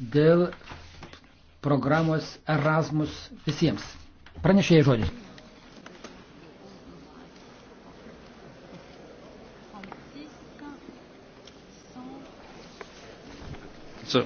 dėl programos Erasmus visiems. Pranešėjai žodis. So.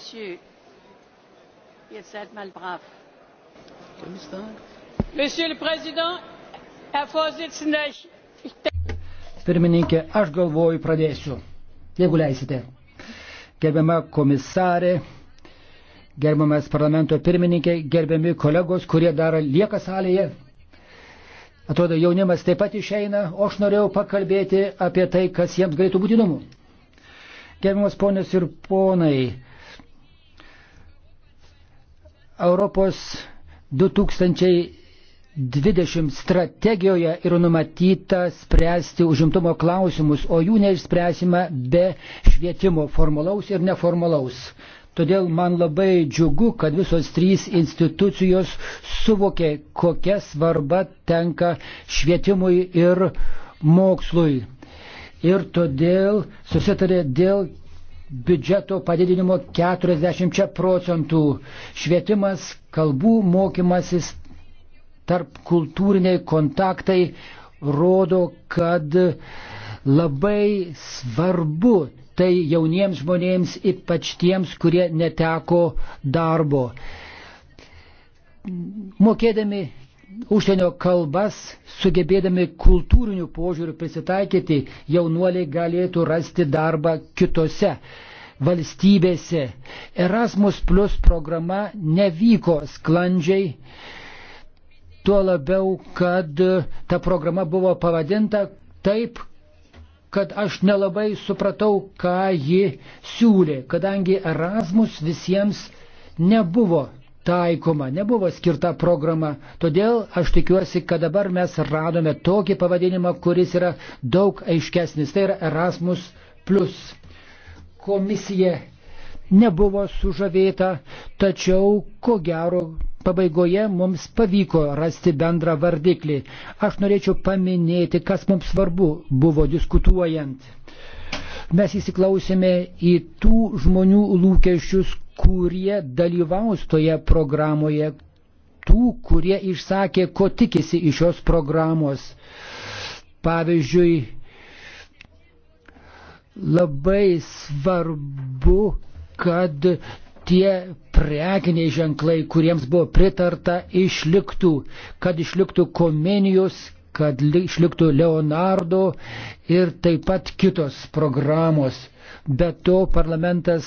messieurs, ihr seid mal brav. Monsieur le Président, Herr Vorsitzender, ich Pirmininkė, aš galvoju, pradėsiu, jeigu leisite. Gerbiama komisarė, gerbiamas parlamento pirmininkė, gerbiami kolegos, kurie dar lieka salėje. Atrodo, jaunimas taip pat išeina, o aš norėjau pakalbėti apie tai, kas jiems galėtų būti įdomu. Gerbiamas ponės ir ponai, Europos 2020 strategijoje yra numatyta spręsti užimtumo klausimus, o jų neišspręsime be švietimo formalaus ir neformalaus. Todėl man labai džiugu, kad visos trys institucijos suvokė, kokia svarba tenka švietimui ir mokslui. Ir todėl susitarė dėl biudžeto padidinimo 40 procentų, švietimas, kalbų mokymasis, tarp kultūriniai kontaktai rodo, kad labai svarbu tai jauniems žmonėms, ypač tiems, kurie neteko darbo. Mokėdami užsienio kalbas, sugebėdami kultūrinių požiūrių prisitaikyti, jaunuoliai galėtų rasti darbą kitose valstybėse. Erasmus Plus programa nevyko sklandžiai, tuo labiau, kad ta programa buvo pavadinta taip, kad aš nelabai supratau, ką ji siūlė, kadangi Erasmus visiems nebuvo taikoma, nebuvo skirta programa. Todėl aš tikiuosi, kad dabar mes radome tokį pavadinimą, kuris yra daug aiškesnis. Tai yra Erasmus. Komisija nebuvo sužavėta, tačiau ko gero pabaigoje mums pavyko rasti bendrą vardiklį. Aš norėčiau paminėti, kas mums svarbu buvo diskutuojant. Mes įsiklausėme į tų žmonių lūkesčius, kurie dalyvaus toje programoje, tų, kurie išsakė, ko tikisi iš šios programos. Pavyzdžiui, labai svarbu, kad tie prekiniai ženklai, kuriems buvo pritarta, išliktų, kad išliktų komenijos, kad išliktų Leonardo ir taip pat kitos programos. Be to parlamentas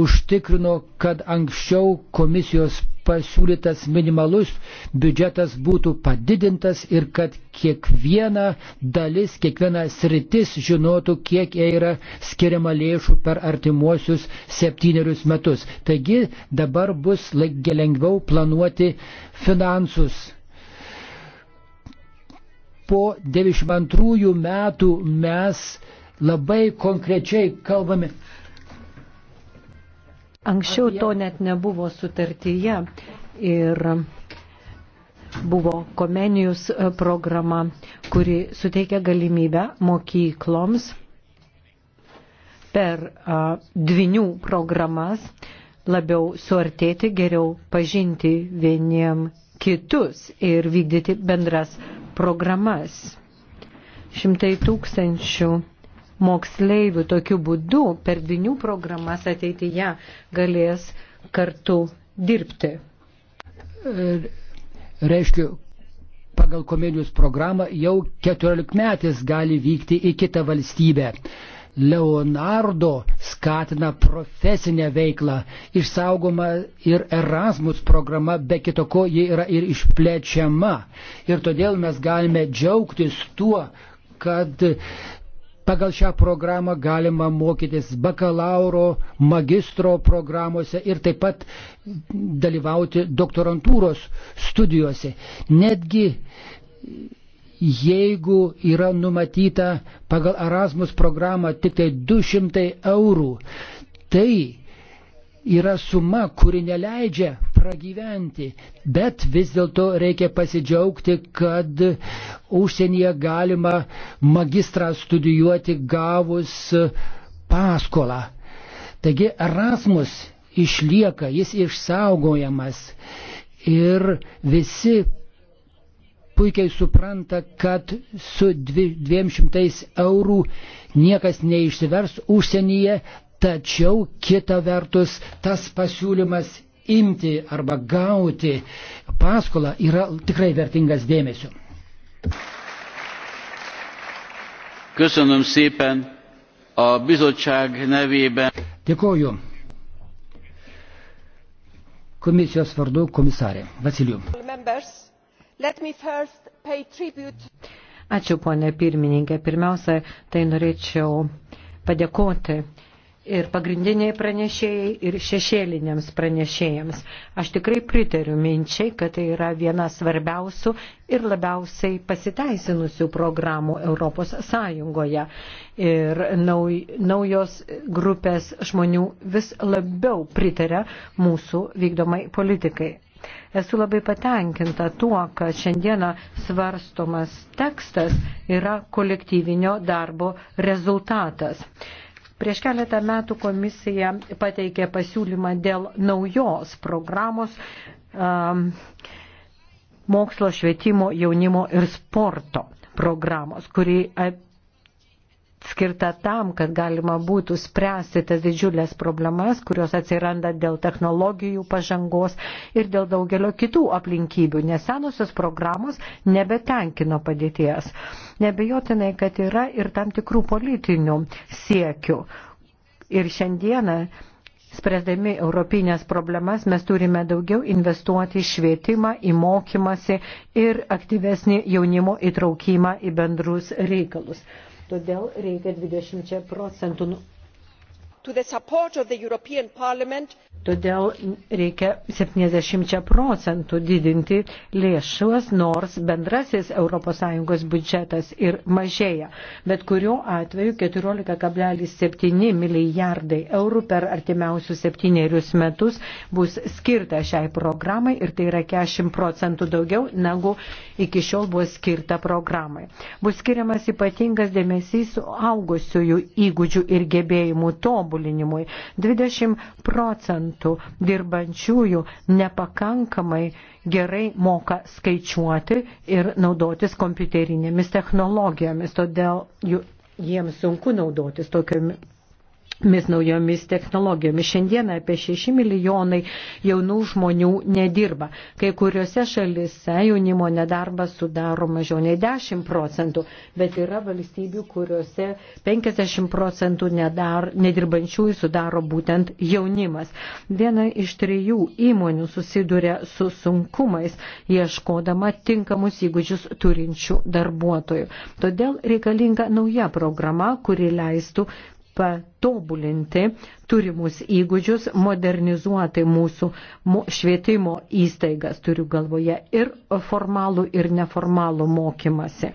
užtikrino, kad anksčiau komisijos pasiūlytas minimalus biudžetas būtų padidintas ir kad kiekviena dalis, kiekviena sritis žinotų, kiek jai yra skiriama lėšų per artimuosius septynerius metus. Taigi dabar bus lengviau planuoti finansus. Po 92 metų mes labai konkrečiai kalbame Anksčiau to net nebuvo sutartyje ir buvo Komenijus e, programa, kuri suteikia galimybę mokykloms per dvinių programas labiau suartėti, geriau pažinti vieniem kitus ir vykdyti bendras programas. Šimtai tūkstančių moksleivių tokiu būdu per dvinių programas ateityje galės kartu dirbti. E, reiškia, pagal komedijos programą jau 14 metais gali vykti į kitą valstybę. Leonardo skatina profesinę veiklą, išsaugoma ir Erasmus programa, be kito ko ji yra ir išplečiama. Ir todėl mes galime džiaugtis tuo, kad Pagal šią programą galima mokytis bakalauro, magistro programuose ir taip pat dalyvauti doktorantūros studijuose. Netgi jeigu yra numatyta pagal Erasmus programą tik tai 200 eurų, tai yra suma, kuri neleidžia pragyventi, bet vis dėlto reikia pasidžiaugti, kad užsienyje galima magistrą studijuoti gavus paskolą. Taigi Erasmus išlieka, jis išsaugojamas ir visi puikiai supranta, kad su 200 eurų niekas neišsivers užsienyje, tačiau kita vertus tas pasiūlymas imti arba gauti paskolą yra tikrai vertingas dėmesio. Köszönöm szépen a bizottság nevében. Dėkoju. Komisijos vardu komisarė Vasiliu. Ačiū, ponė pirmininkė. Pirmiausia, tai norėčiau padėkoti ir pagrindiniai pranešėjai, ir šešėliniams pranešėjams. Aš tikrai pritariu minčiai, kad tai yra viena svarbiausių ir labiausiai pasiteisinusių programų Europos Sąjungoje. Ir naujos grupės žmonių vis labiau pritaria mūsų vykdomai politikai. Esu labai patenkinta tuo, kad šiandieną svarstomas tekstas yra kolektyvinio darbo rezultatas. Prieš keletą metų komisija pateikė pasiūlymą dėl naujos programos um, mokslo švietimo jaunimo ir sporto programos, kuri skirta tam, kad galima būtų spręsti tas didžiulės problemas, kurios atsiranda dėl technologijų pažangos ir dėl daugelio kitų aplinkybių, nes senusios programos nebetenkino padėties. Nebejotinai, kad yra ir tam tikrų politinių siekių. Ir šiandieną Spręsdami europinės problemas mes turime daugiau investuoti į švietimą, į mokymasi ir aktyvesnį jaunimo įtraukimą į bendrus reikalus. Todėl reikia 20 procentų. Nu- Todėl reikia 70 procentų didinti lėšas, nors bendrasis ES biudžetas ir mažėja. Bet kuriuo atveju 14,7 milijardai eurų per artimiausius septynerius metus bus skirta šiai programai ir tai yra 40 procentų daugiau negu iki šiol buvo skirta programai. Bus skiriamas ypatingas dėmesys augusiųjų įgūdžių ir gebėjimų tobulinimui. 20 procentų procentų dirbančiųjų nepakankamai gerai moka skaičiuoti ir naudotis kompiuterinėmis technologijomis, todėl jiems sunku naudotis tokiomis mis naujomis technologijomis. Šiandieną apie 6 milijonai jaunų žmonių nedirba. Kai kuriuose šalise jaunimo nedarbas sudaro mažiau nei 10 procentų, bet yra valstybių, kuriuose 50 procentų nedar, nedirbančiųjų sudaro būtent jaunimas. Viena iš trijų įmonių susiduria su sunkumais, ieškodama tinkamus įgūdžius turinčių darbuotojų. Todėl reikalinga nauja programa, kuri leistų patobulinti turimus įgūdžius, modernizuoti mūsų švietimo įstaigas, turiu galvoje ir formalų, ir neformalų mokymasi.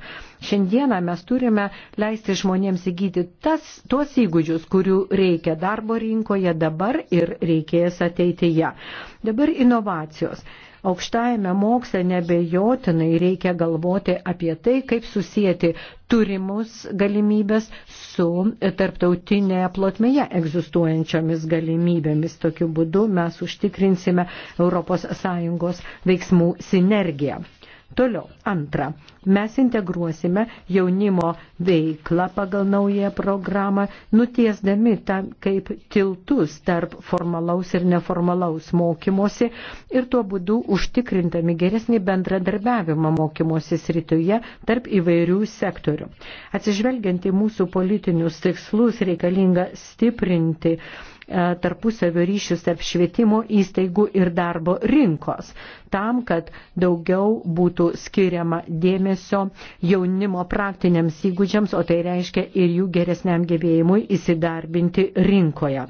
Šiandieną mes turime leisti žmonėms įgyti tas, tuos įgūdžius, kurių reikia darbo rinkoje dabar ir reikės ateityje. Dabar inovacijos aukštajame moksle nebejotinai reikia galvoti apie tai, kaip susijęti turimus galimybės su tarptautinėje plotmėje egzistuojančiomis galimybėmis. Tokiu būdu mes užtikrinsime ES veiksmų sinergiją. Toliau, antra, mes integruosime jaunimo veiklą pagal naują programą, nutiesdami tam kaip tiltus tarp formalaus ir neformalaus mokymosi ir tuo būdu užtikrintami geresnį bendradarbiavimą mokymosi srityje tarp įvairių sektorių. Atsižvelgiant į mūsų politinius tikslus reikalinga stiprinti E, tarpusavio ryšius tarp švietimo įstaigų ir darbo rinkos, tam, kad daugiau būtų skiriama dėmesio jaunimo praktiniams įgūdžiams, o tai reiškia ir jų geresniam gyvėjimui įsidarbinti rinkoje.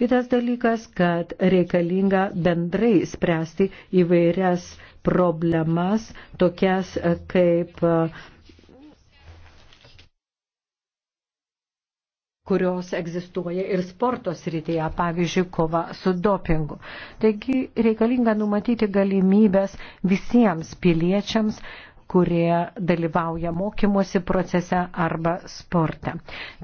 Kitas dalykas, kad reikalinga bendrai spręsti įvairias problemas, tokias kaip kurios egzistuoja ir sporto srityje, pavyzdžiui, kova su dopingu. Taigi reikalinga numatyti galimybės visiems piliečiams kurie dalyvauja mokymosi procese arba sporte.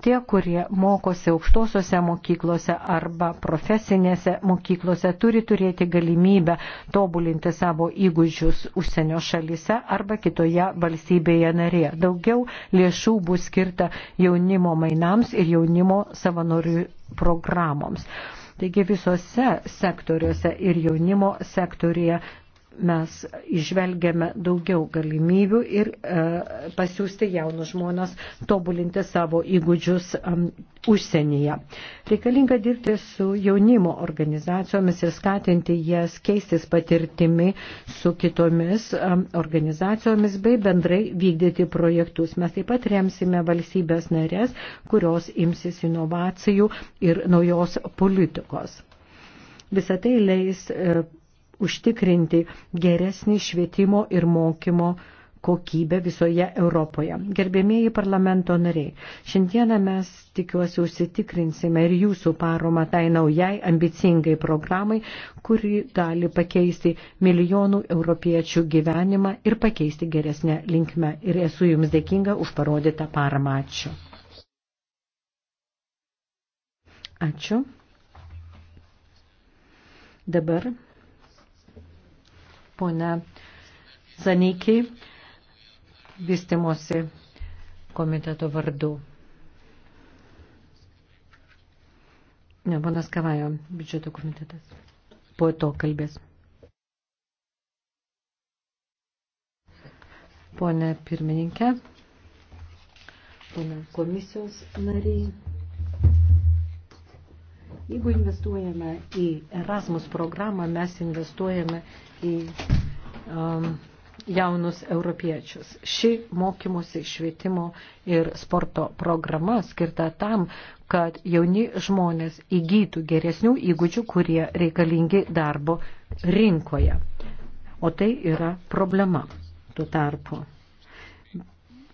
Tie, kurie mokosi aukštosiuose mokyklose arba profesinėse mokyklose, turi turėti galimybę tobulinti savo įgūdžius užsienio šalyse arba kitoje valstybėje narėje. Daugiau lėšų bus skirta jaunimo mainams ir jaunimo savanorių programoms. Taigi visose sektoriuose ir jaunimo sektorija mes išvelgiame daugiau galimybių ir e, pasiūsti jaunus žmonės tobulinti savo įgūdžius e, užsienyje. Reikalinga dirbti su jaunimo organizacijomis ir skatinti jas keistis patirtimi su kitomis e, organizacijomis bei bendrai vykdyti projektus. Mes taip pat remsime valstybės narės, kurios imsis inovacijų ir naujos politikos. Visą tai leis e, užtikrinti geresnį švietimo ir mokymo kokybę visoje Europoje. Gerbėmėjai parlamento nariai, šiandieną mes tikiuosi užsitikrinsime ir jūsų paromą tai naujai ambicingai programai, kuri gali pakeisti milijonų europiečių gyvenimą ir pakeisti geresnę linkmę. Ir esu jums dėkinga už parodytą paramą. Ačiū. Ačiū. Dabar pone Zanikiai, vystimosi komiteto vardu. Ne, ponas Kavajo, biudžeto komitetas. Po to kalbės. Pone pirmininkė, pone komisijos nariai. Jeigu investuojame į Erasmus programą, mes investuojame į um, jaunus europiečius. Ši mokymosi švietimo ir sporto programa skirta tam, kad jauni žmonės įgytų geresnių įgūdžių, kurie reikalingi darbo rinkoje. O tai yra problema tuo tarpu.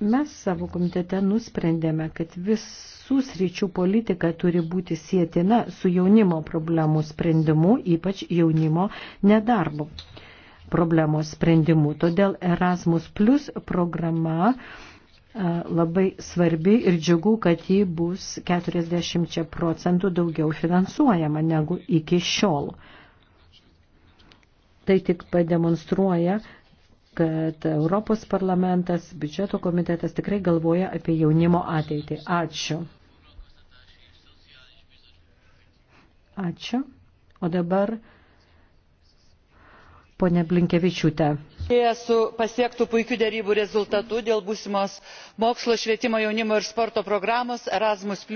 Mes savo komitete nusprendėme, kad visų sričių politika turi būti sėtina su jaunimo problemų sprendimu, ypač jaunimo nedarbo problemos sprendimu. Todėl Erasmus Plus programa labai svarbi ir džiugu, kad ji bus 40 procentų daugiau finansuojama negu iki šiol. Tai tik pademonstruoja, kad Europos parlamentas, biudžeto komitetas tikrai galvoja apie jaunimo ateitį. Ačiū. Ačiū. O dabar ponia Blinkevičiūtė su pasiektu puikiu derybų rezultatu dėl būsimos mokslo švietimo jaunimo ir sporto programos erasmus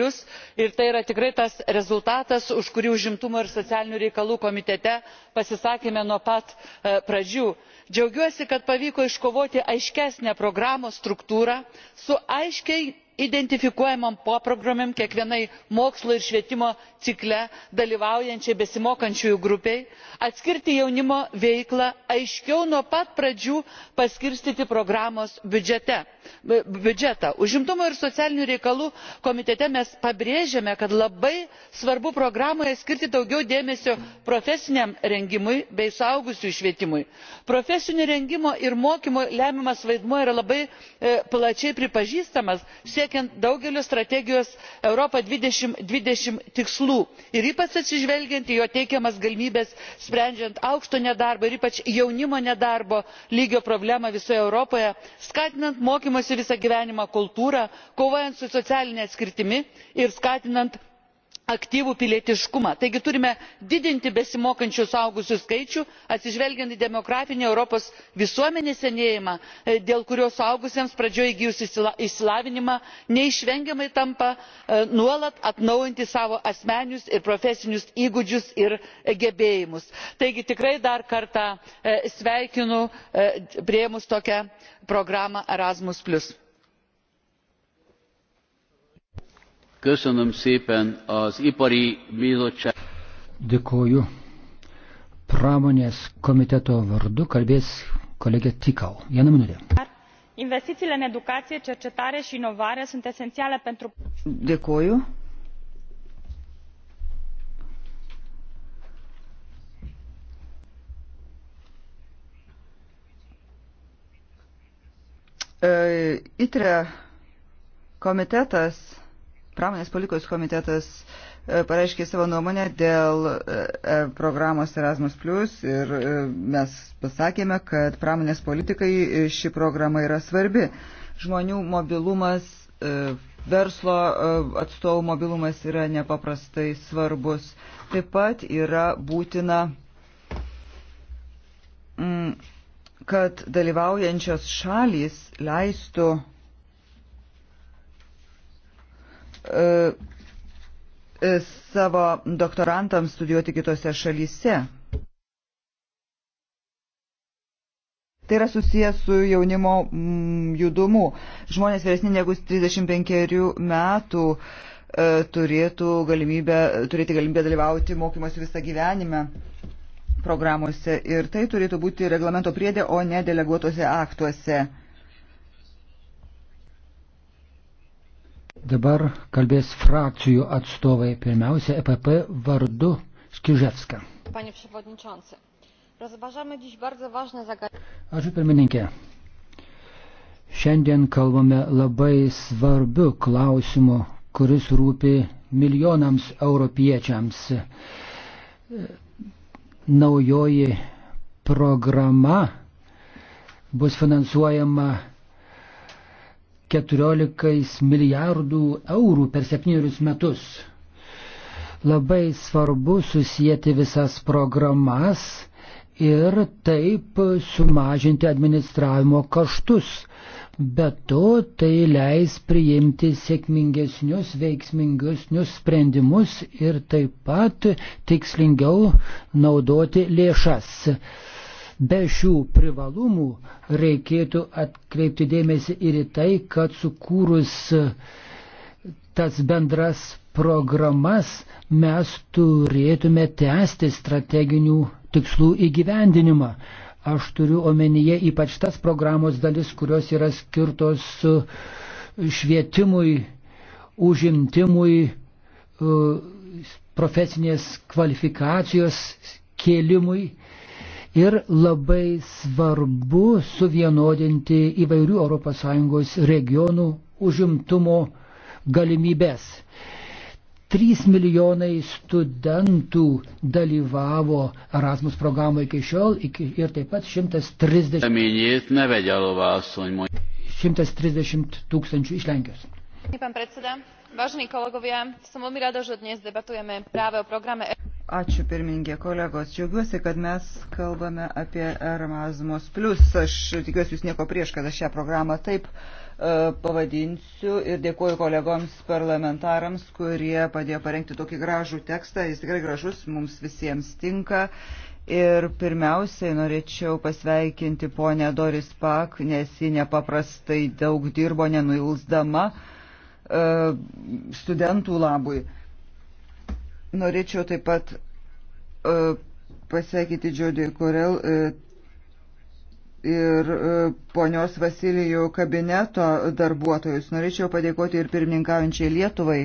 ir tai yra tikrai tas rezultatas už kurį užimtumo ir socialinių reikalų komitete pasisakėme nuo pat e, pradžių. džiaugiuosi kad pavyko iškovoti aiškesnę programos struktūrą su aiškiai identifikuojamam poprograminėm kiekvienai mokslo ir švietimo cikle dalyvaujančiai besimokančiųjų grupei atskirti jaunimo veiklą aiškiau nuo pat pradžių paskirstyti programos biudžetą. užimtumo ir socialinių reikalų komitete mes pabrėžėme kad labai svarbu programoje skirti daugiau dėmesio profesiniam rengimui bei suaugusiųjų švietimui. profesinio rengimo ir mokymo lemiamas vaidmuo yra labai e, plačiai pripažįstamas siekiant siekiant daugelio strategijos europa two thousand and twenty tikslų ir ypač atsižvelgiant į jo teikiamas galimybes sprendžiant aukšto nedarbo ir ypač jaunimo nedarbo lygio problemą visoje europoje skatinant mokymosi visą gyvenimą kultūrą kovojant su socialine atskirtimi ir skatinant aktyvų pilietiškumą taigi turime didinti besimokančių suaugusiųjų skaičių atsižvelgiant į demografinį europos visuomenės senėjimą e, dėl kurio suaugusiems pradžioje įgijus išsilavinimą neišvengiamai tampa e, nuolat atnaujinti savo asmeninius ir profesinius įgūdžius ir gebėjimus. taigi tikrai dar kartą e, sveikinu priėmus tokią programą erasmus. Köszönöm szépen az Ipari Bizottság. Dėkoju. Pramonės komiteto vardu kalbės kolegė Tikau. Vieną minutę. Investițiile în educație, cercetare și inovare sunt esențiale pentru... Dėkoju. E, ITRE komitetas pramonės politikos komitetas e, pareiškė savo nuomonę dėl e, e, programos Erasmus Plus ir mes pasakėme, kad pramonės politikai ši programa yra svarbi. Žmonių mobilumas, verslo atstovų mobilumas yra nepaprastai svarbus. Taip pat yra būtina mm, kad dalyvaujančios šalys leistų E, e, savo doktorantams studijuoti kitose šalyse. Tai yra susijęs su jaunimo mm, judumu. Žmonės vyresni negu 35 metų e, turėtų galimybę, turėti galimybę dalyvauti mokymosi visą gyvenimą programuose ir tai turėtų būti reglamento priedė, o ne deleguotose aktuose. Dabar kalbės frakcijų atstovai. Pirmiausia, EPP vardu Skiževska. Ačiū pirmininkė. Šiandien kalbame labai svarbiu klausimu, kuris rūpi milijonams europiečiams. Naujoji programa bus finansuojama 14 milijardų eurų per septynerius metus. Labai svarbu susijęti visas programas ir taip sumažinti administravimo kaštus. Be to, tai leis priimti sėkmingesnius, veiksmingesnius sprendimus ir taip pat tikslingiau naudoti lėšas. Be šių privalumų reikėtų atkreipti dėmesį ir į tai, kad sukūrus tas bendras programas mes turėtume tęsti strateginių tikslų įgyvendinimą. Aš turiu omenyje ypač tas programos dalis, kurios yra skirtos švietimui, užimtimui, e, profesinės kvalifikacijos kėlimui ir labai svarbu suvienodinti įvairių ES regionų užimtumo galimybės. 3 milijonai studentų dalyvavo Erasmus programoje iki šiol iki, ir taip pat 130, 130 tūkstančių iš Lenkijos. Vážení kolegovia, som veľmi rada, že dnes debatujeme práve o programe Ačiū pirmininkė kolegos. Džiaugiuosi, kad mes kalbame apie Erasmus. Aš tikiuosi, jūs nieko prieš, kad aš šią programą taip uh, pavadinsiu ir dėkuoju kolegoms parlamentarams, kurie padėjo parengti tokį gražų tekstą. Jis tikrai gražus, mums visiems tinka. Ir pirmiausiai norėčiau pasveikinti ponę Doris Pak, nes ji nepaprastai daug dirbo, nenuilsdama uh, studentų labui. Uh, Norėčiau taip pat uh, pasakyti Džodį Korel uh, e, ir uh, ponios Vasilijų kabineto darbuotojus. Norėčiau padėkoti ir pirmininkaujančiai Lietuvai.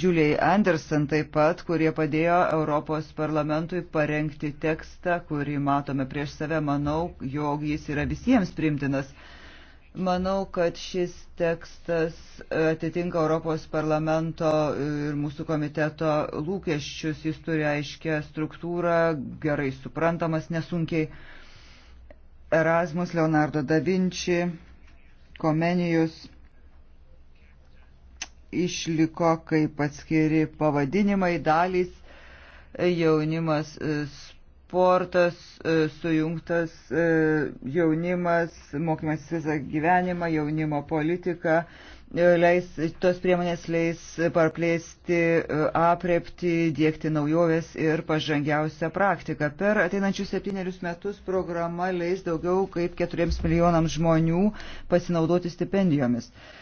Juliai Anderson taip pat, kurie padėjo Europos parlamentui parengti tekstą, kurį matome prieš save. Manau, jog jis yra visiems primtinas. Uh, Manau, kad šis tekstas atitinka Europos parlamento ir mūsų komiteto lūkesčius. Jis turi aiškę struktūrą, gerai suprantamas, nesunkiai. Erasmus, Leonardo da Vinci, Komenijus išliko kaip atskiri pavadinimai dalys jaunimas sportas, e, sujungtas e, jaunimas, mokymas visą gyvenimą, jaunimo politika. E, leis, tos priemonės leis parplėsti aprepti, dėkti naujoves ir pažangiausią praktiką. Per ateinančius septynerius metus programa leis daugiau kaip keturiems milijonams žmonių pasinaudoti stipendijomis. Uh,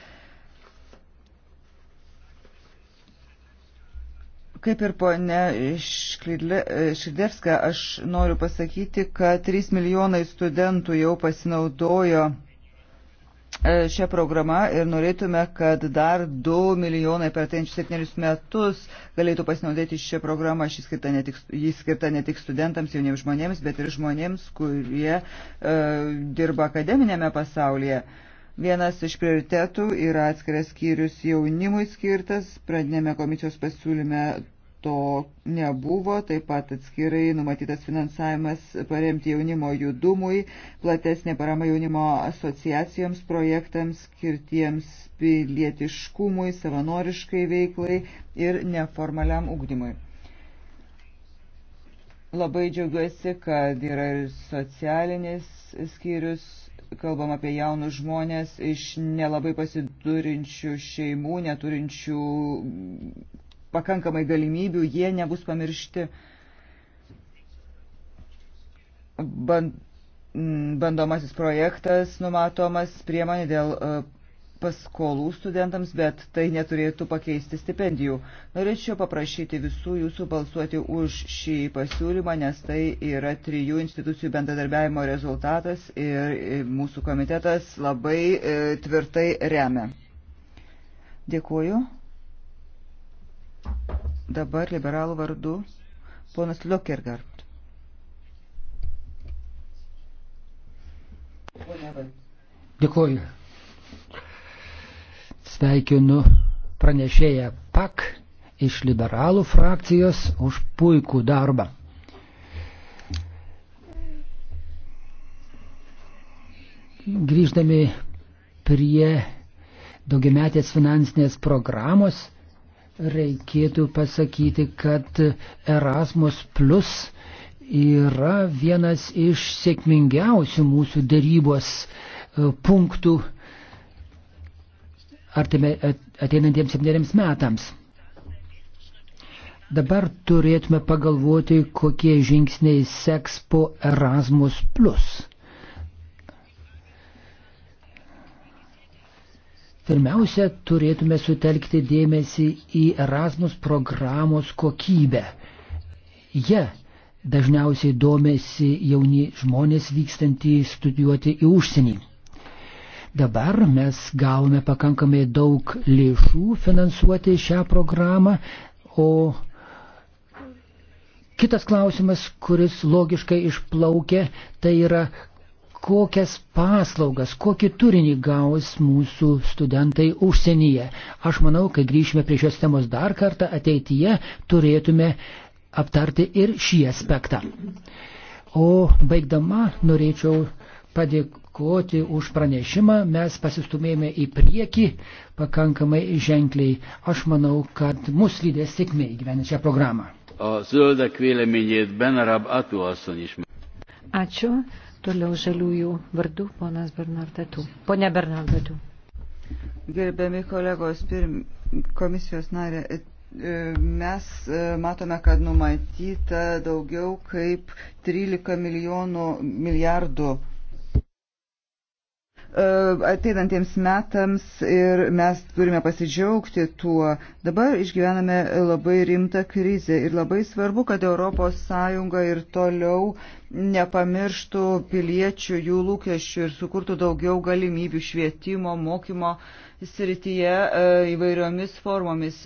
Kaip ir ponė Šridevska, aš noriu pasakyti, kad 3 milijonai studentų jau pasinaudojo e, šią programą ir norėtume, kad dar 2 milijonai per tenčius 7 metus galėtų pasinaudoti šią programą. Jis skirta ne tik, skirta ne tik studentams, jauniems žmonėms, bet ir žmonėms, kurie uh, dirba akademinėme pasaulyje. Uh, Vienas iš prioritetų yra atskiras skyrius jaunimui skirtas, pradinėme komisijos pasiūlyme to nebuvo, taip pat atskirai numatytas finansavimas paremti jaunimo judumui, platesnė parama jaunimo asociacijoms, projektams, skirtiems pilietiškumui, savanoriškai veiklai ir neformaliam ugdymui. Labai džiaugiuosi, kad yra ir socialinis skyrius kalbam apie jaunus žmonės iš nelabai pasiturinčių šeimų, neturinčių pakankamai galimybių, jie nebus pamiršti. Bandomasis projektas numatomas priemonė dėl e, paskolų studentams, bet tai neturėtų pakeisti stipendijų. Norėčiau paprašyti visų jūsų balsuoti už šį pasiūlymą, nes tai yra trijų institucijų bendradarbiavimo rezultatas ir e, mūsų komitetas labai e, tvirtai remia. Dėkuoju. Dabar liberalų vardu ponas Lokergard. Dėkuoju. Sveikinu pranešėją PAK iš liberalų frakcijos už puikų darbą. Grįždami prie daugiametės finansinės programos, reikėtų pasakyti, kad Erasmus Plus yra vienas iš sėkmingiausių mūsų darybos e, punktų artime ateinantiems septyneriems metams. Dabar turėtume pagalvoti, kokie žingsniai seks po Erasmus. Pirmiausia, turėtume sutelkti dėmesį į Erasmus programos kokybę. Jie dažniausiai domėsi jauni žmonės vykstantį studijuoti į užsienį. Dabar mes gavome pakankamai daug lėšų finansuoti šią programą, o kitas klausimas, kuris logiškai išplaukia, tai yra, kokias paslaugas, kokį turinį gaus mūsų studentai užsienyje. Aš manau, kai grįšime prie šios temos dar kartą ateityje, turėtume aptarti ir šį aspektą. O baigdama norėčiau padėkoti už pranešimą. Mes pasistumėjome į priekį pakankamai ženkliai. Aš manau, kad mus lydės sėkmė įgyvenę šią programą. Ačiū. Toliau žaliųjų vardų ponas Bernardatų. Pone Bernardatų. Gerbiami kolegos, pirm, komisijos narė, e, e, mes e, matome, kad numatyta daugiau kaip 13 milijonų milijardų E, ateinantiems metams ir mes turime pasidžiaugti tuo. Dabar išgyvename labai rimtą krizę ir labai svarbu, kad ES ir toliau nepamirštų piliečių jų lūkesčių ir sukurtų daugiau galimybių švietimo, mokymo srityje e, įvairiomis formomis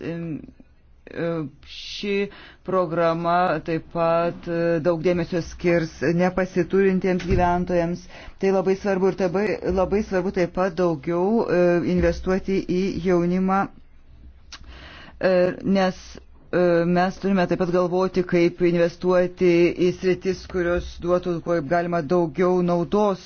E, ši programa taip pat e, daug dėmesio skirs nepasiturintiems gyventojams. Tai labai svarbu ir tabai, labai svarbu taip pat daugiau e, investuoti į jaunimą, nes mes turime taip pat galvoti, kaip investuoti į sritis, kurios duotų kaip galima daugiau naudos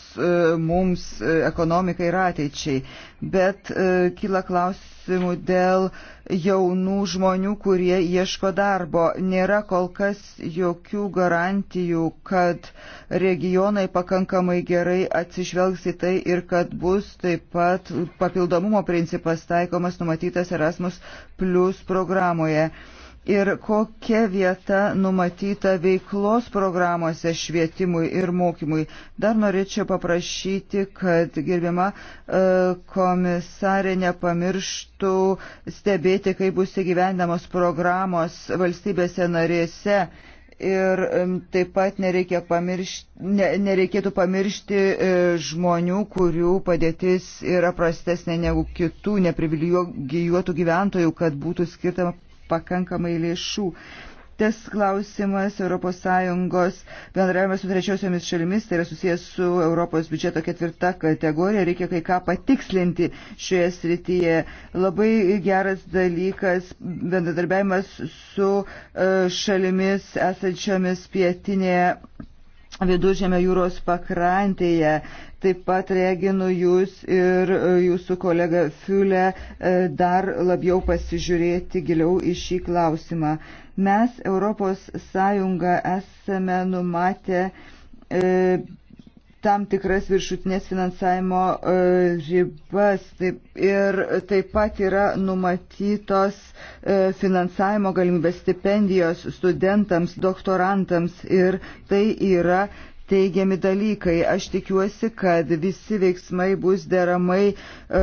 mums ekonomikai ir ateičiai. Bet kyla klausimų dėl jaunų žmonių, kurie ieško darbo. Nėra kol kas jokių garantijų, kad regionai pakankamai gerai atsižvelgs į tai ir kad bus taip pat papildomumo principas taikomas numatytas Erasmus Plus programoje ir kokia vieta numatyta veiklos programuose švietimui ir mokymui. Dar norėčiau paprašyti, kad gerbiama e, komisarė nepamirštų stebėti, kaip bus įgyvendamos programos valstybėse narėse ir taip pat nereikia pamiršti, ne, nereikėtų pamiršti e, žmonių, kurių padėtis yra prastesnė negu kitų neprivilegijuotų gyventojų, kad būtų skirtama pakankamai lėšų. Tas klausimas ES bendravimas su trečiosiomis šalimis, tai yra susijęs su Europos biudžeto ketvirta kategorija, reikia kai ką patikslinti šioje srityje. Labai geras dalykas bendradarbiavimas su e, šalimis esančiomis pietinėje Vidužėme jūros pakrantėje. Taip pat reginu jūs ir e, jūsų kolega Fiulė e, dar labiau pasižiūrėti giliau į šį klausimą. Mes Europos Sąjungą esame numatę. E, tam tikras viršutinės finansavimo e, ribas taip, ir taip pat yra numatytos e, finansavimo galimybės stipendijos studentams, doktorantams ir tai yra teigiami dalykai. Aš tikiuosi, kad visi veiksmai bus deramai e,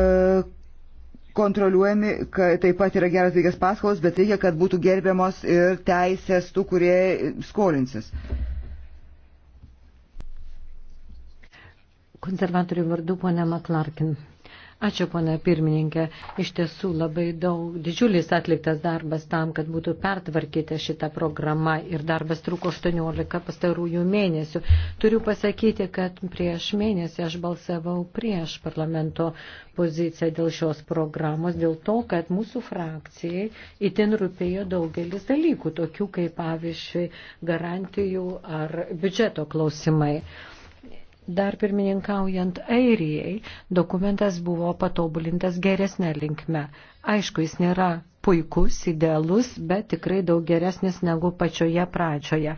kontroliuojami, kad taip pat yra geras dalykas paskolos, bet reikia, kad būtų gerbiamos ir teisės tų, kurie skolinsis. konservatorių vardu ponė Maklarkin. Ačiū, ponia pirmininkė. Iš tiesų labai daug, didžiulis atliktas darbas tam, kad būtų pertvarkyta šita programa ir darbas truko 18 pastarųjų mėnesių. Turiu pasakyti, kad prieš mėnesį aš balsavau prieš parlamento poziciją dėl šios programos, dėl to, kad mūsų frakcijai itin rūpėjo daugelis dalykų, tokių kaip pavyzdžiui garantijų ar biudžeto klausimai dar pirmininkaujant Airijai, dokumentas buvo patobulintas geresnė linkme. Aišku, jis nėra puikus, idealus, bet tikrai daug geresnis negu pačioje pradžioje.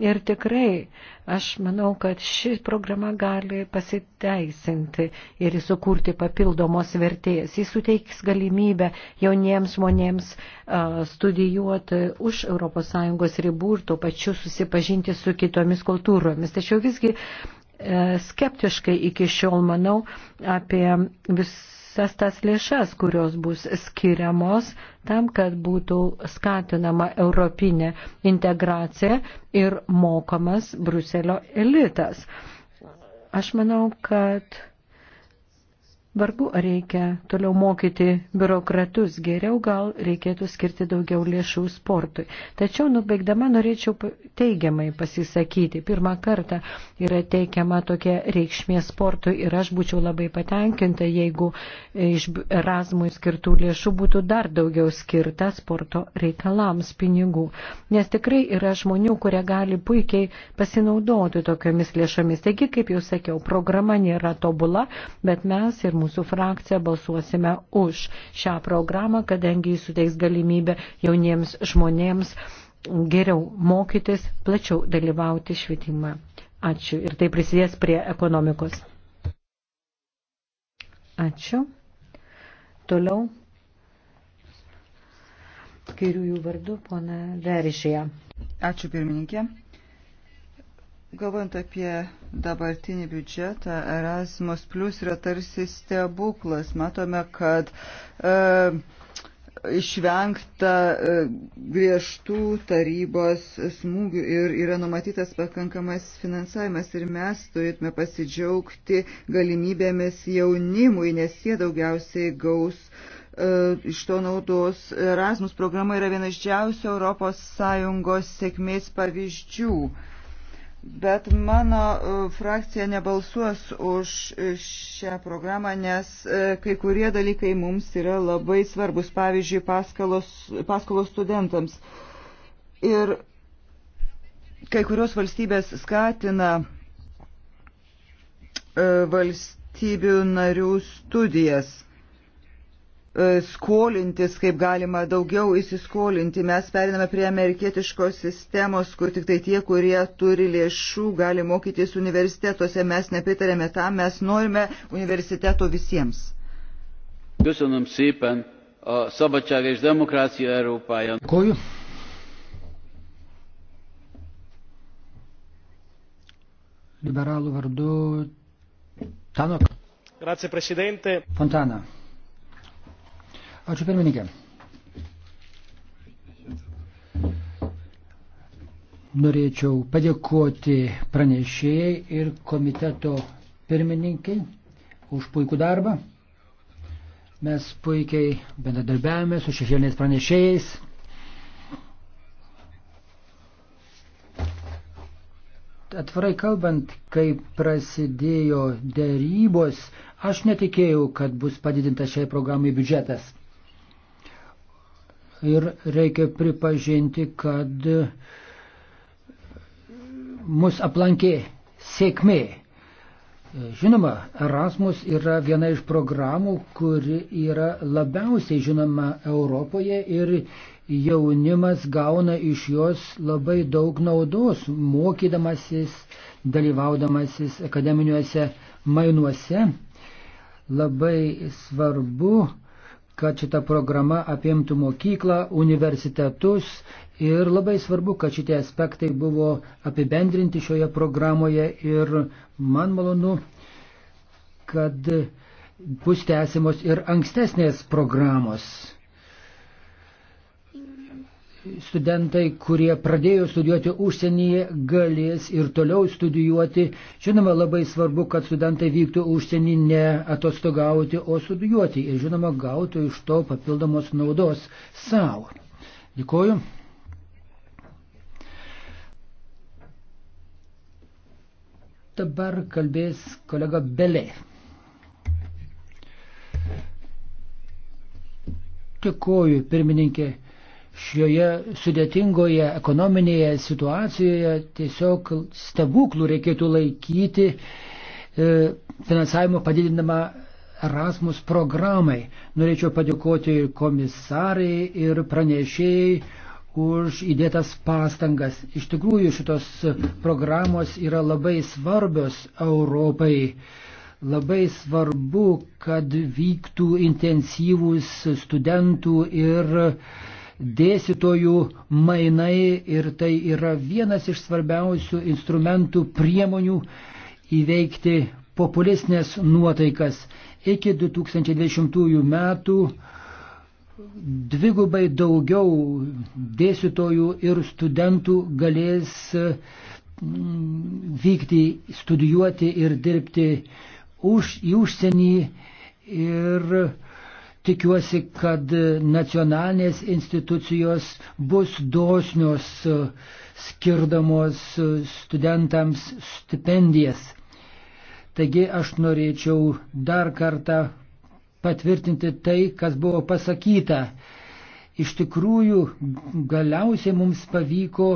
Ir tikrai aš manau, kad ši programa gali pasiteisinti ir sukurti papildomos vertės. Jis suteiks galimybę jauniems žmonėms studijuoti už ES ribų ir tuo pačiu susipažinti su kitomis kultūromis. Tačiau visgi E, skeptiškai iki šiol manau apie visas tas lėšas, kurios bus skiriamos tam, kad būtų skatinama europinė integracija ir mokamas Bruselio elitas. Aš manau, kad Vargu ar reikia toliau mokyti biurokratus, geriau gal reikėtų skirti daugiau lėšų sportui. Tačiau nubaigdama norėčiau teigiamai pasisakyti. Pirmą kartą yra teikiama tokia reikšmė sportui ir aš būčiau labai patenkinta, jeigu iš Erasmui skirtų lėšų būtų dar daugiau skirta sporto reikalams pinigų. Nes tikrai yra žmonių, kurie gali puikiai pasinaudoti tokiomis lėšomis. Taigi, kaip jau sakiau, programa nėra tobula, bet mes ir mūsų frakcija balsuosime už šią programą, kadangi jis suteiks galimybę jauniems žmonėms geriau mokytis, plačiau dalyvauti švietimą. Ačiū. Ir tai prisidės prie ekonomikos. Ačiū. Toliau. Kairiųjų vardu, pona Verišėje. Ačiū pirmininkė. Galvant apie dabartinį biudžetą, Erasmus Plus yra tarsi stebuklas. Matome, kad e, išvengta e, griežtų tarybos smūgių ir yra numatytas pakankamas finansavimas ir mes turėtume pasidžiaugti galimybėmis jaunimui, nes jie daugiausiai gaus e, iš to naudos. Erasmus programa yra viena iš džiausių ES sėkmės pavyzdžių. Bet mano e, frakcija nebalsuos už e, šią programą, nes e, kai kurie dalykai mums yra labai svarbus, pavyzdžiui, paskalos, paskalos studentams. Ir kai kurios valstybės skatina valstybių narių studijas. E, skolintis, kaip galima daugiau įsiskolinti. Mes periname prie amerikietiškos sistemos, kur tik tai tie, kurie turi lėšų, gali mokytis universitetuose. Mes nepritarėme tam, mes norime universiteto visiems. Köszönöm szépen a Szabadság és Demokrácia Európája. Dėkuoju. Liberalų vardu Tanok. Grazie, Presidente. Fontana. Ačiū pirmininkė. Norėčiau padėkoti pranešėjai ir komiteto pirmininkai už puikų darbą. Mes puikiai bendradarbiavome su šešėliniais pranešėjais. Atvarai kalbant, kai prasidėjo dėrybos, aš netikėjau, kad bus padidintas šiai programai biudžetas ir reikia pripažinti, kad mus aplankė sėkmė. Žinoma, Erasmus yra viena iš programų, kuri yra labiausiai žinoma Europoje ir jaunimas gauna iš jos labai daug naudos, mokydamasis, dalyvaudamasis akademiniuose mainuose. Labai svarbu kad šita programa apimtų mokyklą, universitetus ir labai svarbu, kad šitie aspektai buvo apibendrinti šioje programoje ir man malonu, kad bus tęsimos ir ankstesnės programos studentai, kurie pradėjo studijuoti užsienyje, galės ir toliau studijuoti. Žinoma, labai svarbu, kad studentai vyktų užsienį ne atostogauti, o studijuoti. Ir žinoma, gautų iš to papildomos naudos savo. Dėkuoju. Dabar kalbės kolega Belė. Dėkuoju, pirmininkė šioje sudėtingoje ekonominėje situacijoje tiesiog stebuklų reikėtų laikyti e, finansavimo padidinamą Erasmus programai. Norėčiau padėkoti ir komisarai, ir pranešėjai už įdėtas pastangas. Iš tikrųjų šitos programos yra labai svarbios Europai. Labai svarbu, kad vyktų intensyvūs studentų ir uh, dėstytojų mainai ir tai yra vienas iš svarbiausių instrumentų priemonių įveikti populistinės nuotaikas. Iki 2020 metų dvigubai daugiau dėstytojų ir studentų galės mm, vykti, studijuoti ir dirbti už, į užsienį ir Tikiuosi, kad nacionalinės institucijos bus dosnios e, skirdamos e, studentams stipendijas. Taigi aš norėčiau dar kartą patvirtinti tai, kas buvo pasakyta iš tikrųjų galiausiai mums pavyko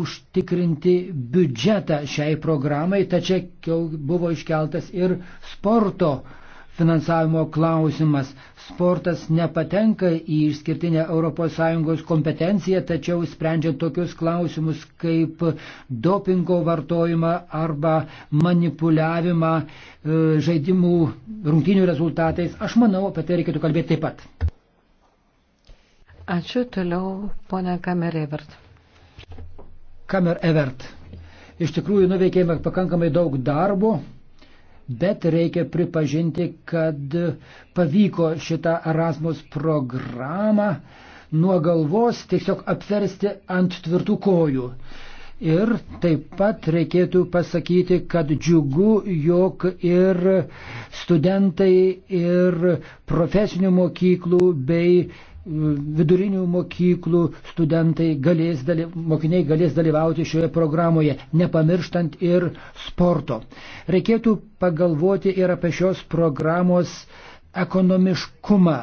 užtikrinti biudžetą šiai programai, tačiau buvo iškeltas ir sporto finansavimo klausimas. Sportas nepatenka į išskirtinę ES kompetenciją, tačiau sprendžiant tokius klausimus kaip dopingo vartojimą arba manipuliavimą e, žaidimų rungtinių rezultatais, aš manau, apie tai reikėtų kalbėti taip pat. Ačiū toliau, ponia Kamer Evert. Kamer Evert. Iš tikrųjų nuveikėme pakankamai daug darbo bet reikia pripažinti, kad pavyko šitą Erasmus programą nuo galvos tiesiog apversti ant tvirtų kojų. Ir taip pat reikėtų pasakyti, kad džiugu, jog ir studentai, ir profesinių mokyklų bei vidurinių mokyklų studentai galės, mokiniai galės dalyvauti šioje programoje, nepamirštant ir sporto. Reikėtų pagalvoti ir apie šios programos ekonomiškumą.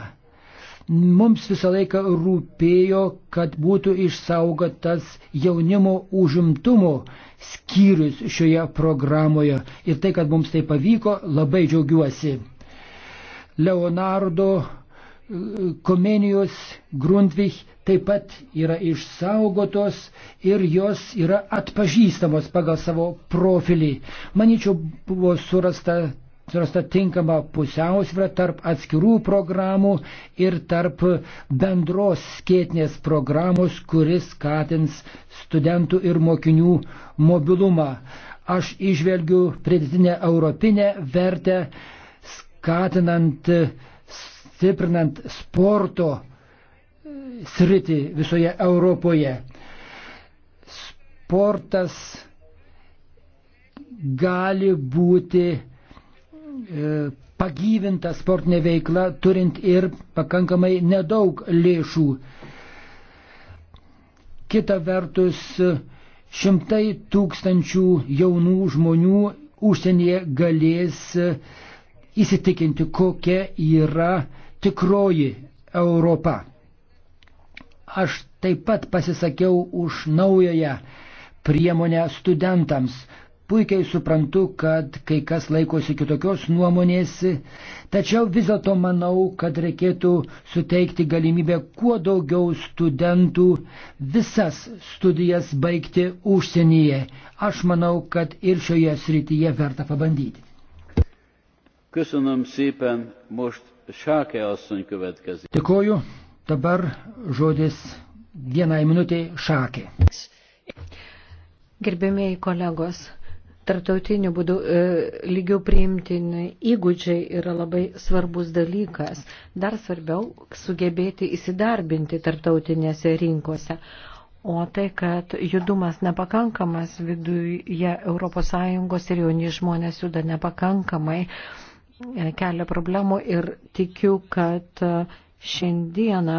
Mums visą laiką rūpėjo, kad būtų išsaugotas jaunimo užimtumo skyrius šioje programoje. Ir tai, kad mums tai pavyko, labai džiaugiuosi. Leonardo Komenijos Grundvich taip pat yra išsaugotos ir jos yra atpažįstamos pagal savo profilį. Maničiau, buvo surasta, surasta tinkama pusiausvė tarp atskirų programų ir tarp bendros skėtinės programos, kuris skatins studentų ir mokinių mobilumą. Aš išvelgiu pridėtinę europinę vertę, skatinant uh, stiprinant sporto e, sritį visoje Europoje. Sportas gali būti e, pagyvinta sportinė veikla, turint ir pakankamai nedaug lėšų. Kita vertus, šimtai tūkstančių jaunų žmonių užsienyje galės e, įsitikinti, kokia yra tikroji Europa. Aš taip pat pasisakiau už naująją priemonę studentams. Puikiai suprantu, kad kai kas laikosi kitokios nuomonės, tačiau vis dėlto manau, kad reikėtų suteikti galimybę kuo daugiau studentų visas studijas baigti užsienyje. Aš manau, kad ir šioje srityje verta pabandyti. Köszönöm szépen, most Šakė asszony következik. Dėkuoju. Dabar žodis vienai minutiai Šakė. Gerbėmėjai kolegos, tarptautiniu būdu e, lygių priimtini įgūdžiai yra labai svarbus dalykas. Dar svarbiau sugebėti įsidarbinti tarptautinėse rinkose. O tai, kad judumas nepakankamas viduje ES ir jauni žmonės juda nepakankamai. E, kelia problemų ir tikiu, kad šiandieną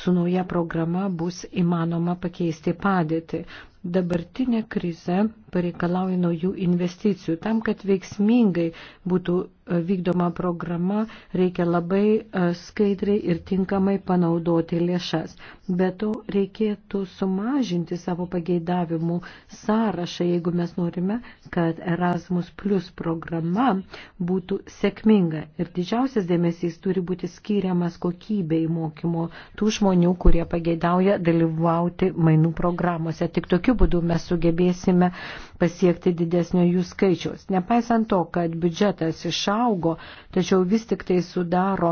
su nauja programa bus įmanoma pakeisti padėtį dabartinė krize pareikalauja naujų investicijų. Tam, kad veiksmingai būtų e, vykdoma programa, reikia labai e, skaidriai ir tinkamai panaudoti lėšas. Be to, reikėtų sumažinti savo pageidavimų sąrašą, jeigu mes norime, kad Erasmus Plus programa būtų sėkminga. Ir didžiausias dėmesys turi būti skiriamas kokybei mokymo tų žmonių, kurie pageidauja dalyvauti mainų programuose. Tik tokiu tokiu būdu mes sugebėsime pasiekti didesnio jų skaičiaus. Nepaisant to, kad biudžetas išaugo, tačiau vis tik tai sudaro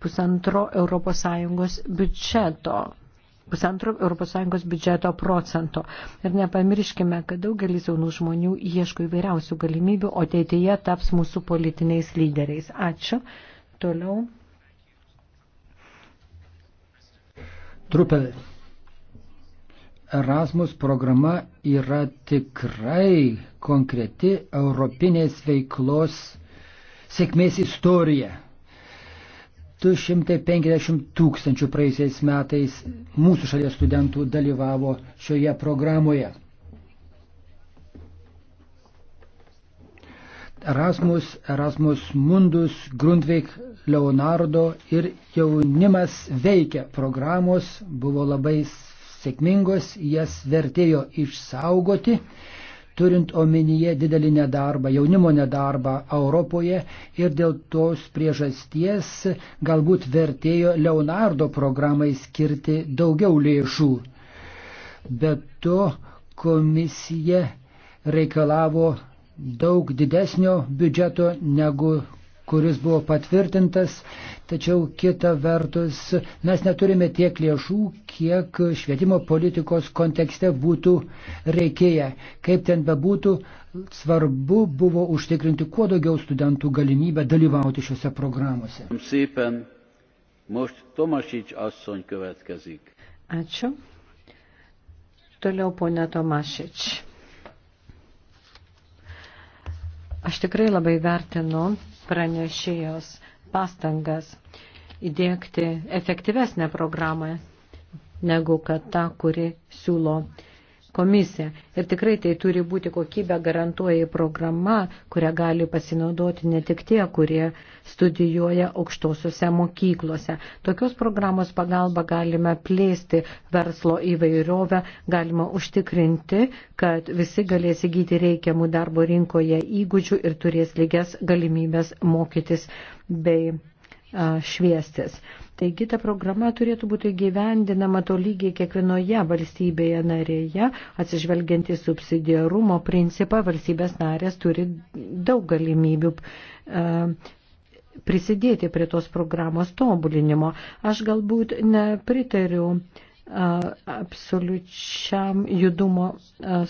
pusantro ES biudžeto pusantro ES biudžeto procento. Ir nepamirškime, kad daugelis jaunų žmonių ieško įvairiausių galimybių, o ateityje taps mūsų politiniais lyderiais. Ačiū. Toliau. Trupel. Erasmus programa yra tikrai konkreti europinės veiklos sėkmės istorija. 250 tūkstančių praeisiais metais mūsų šalies studentų dalyvavo šioje programoje. Erasmus, Erasmus Mundus, Grundvik, Leonardo ir jaunimas veikia programos buvo labai sėkmingos, jas vertėjo išsaugoti, turint omenyje didelį nedarbą, jaunimo nedarbą Europoje ir dėl tos priežasties galbūt vertėjo Leonardo programai skirti daugiau lėšų. Bet to komisija reikalavo daug didesnio biudžeto negu kuris buvo patvirtintas, tačiau kita vertus mes neturime tiek lėšų, kiek švietimo politikos kontekste būtų reikėję. Kaip ten bebūtų, svarbu buvo užtikrinti kuo daugiau studentų galimybę dalyvauti šiuose programuose. Ačiū. Toliau ponia Tomašič. Aš tikrai labai vertinu pranešėjos pastangas įdėkti efektyvesnę programą negu kad ta, kuri siūlo komisija. Ir tikrai tai turi būti kokybę garantuoja programa, kurią gali pasinaudoti ne tik tie, kurie studijuoja aukštosiuose mokyklose. Tokios programos pagalba galime plėsti verslo įvairovę, galima užtikrinti, kad visi galės įgyti reikiamų darbo rinkoje įgūdžių ir turės lygias galimybės mokytis bei šviestis. Taigi ta programa turėtų būti gyvendinama to lygiai kiekvienoje valstybėje narėje, atsižvelgiant į subsidiarumo principą, valstybės narės turi daug galimybių e, prisidėti prie tos programos tobulinimo. Aš galbūt nepritariu e, absoliučiam judumo e,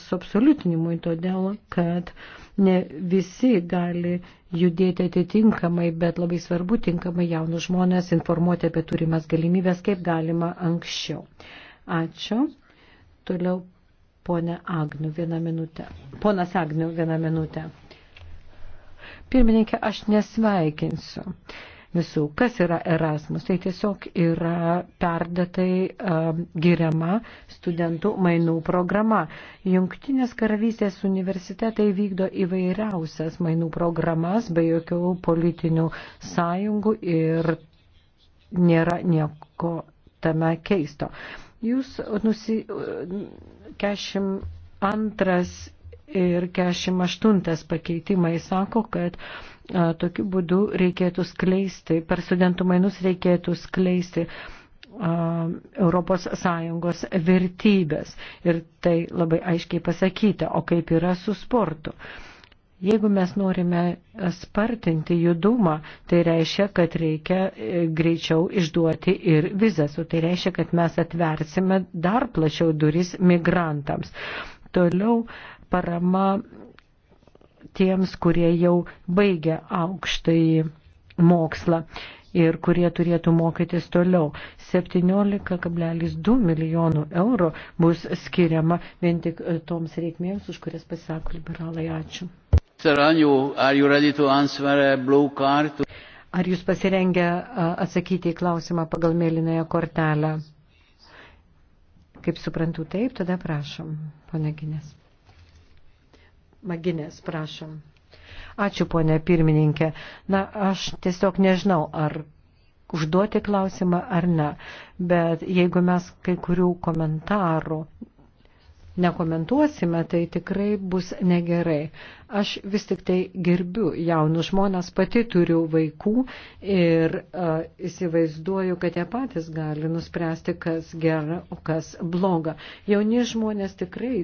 suabsoliutinimui, todėl kad uh, Ne visi gali judėti atitinkamai, bet labai svarbu tinkamai jaunus žmonės informuoti apie turimas galimybės, kaip galima anksčiau. Ačiū. Toliau ponė Agnių vieną minutę. Ponas Agnių vieną minutę. Pirmininkė, aš nesveikinsiu visų. Kas yra Erasmus? Tai tiesiog yra perdatai um, giriama studentų mainų programa. Jungtinės karalystės universitetai vykdo įvairiausias mainų programas be jokių politinių sąjungų ir nėra nieko tame keisto. Jūs nusi, 42 ir 48 pakeitimai sako, kad Tokiu būdu reikėtų skleisti, per studentų mainus reikėtų skleisti ES vertybės. Ir tai labai aiškiai pasakyta, o kaip yra su sportu. Jeigu mes norime spartinti judumą, tai reiškia, kad reikia e, greičiau išduoti ir vizas, o tai reiškia, kad mes atversime dar plačiau duris migrantams. Toliau parama tiems, kurie jau baigė aukštąjį mokslą ir kurie turėtų mokytis toliau. 17,2 milijonų eurų bus skiriama vien tik e, toms reikmėms, už kurias pasisako liberalai. Ačiū. Ar jūs pasirengę e, atsakyti į klausimą pagal mėlynąją kortelę? Kaip suprantu, taip, tada prašom, poneginės. Maginės, prašom. Ačiū, ponė pirmininkė. Na, aš tiesiog nežinau, ar užduoti klausimą ar ne, bet jeigu mes kai kurių komentarų nekomentuosime, tai tikrai bus negerai. Aš vis tik tai gerbiu jaunus žmonės, pati turiu vaikų ir uh, įsivaizduoju, kad jie patys gali nuspręsti, kas gera, o kas bloga. Jauni žmonės tikrai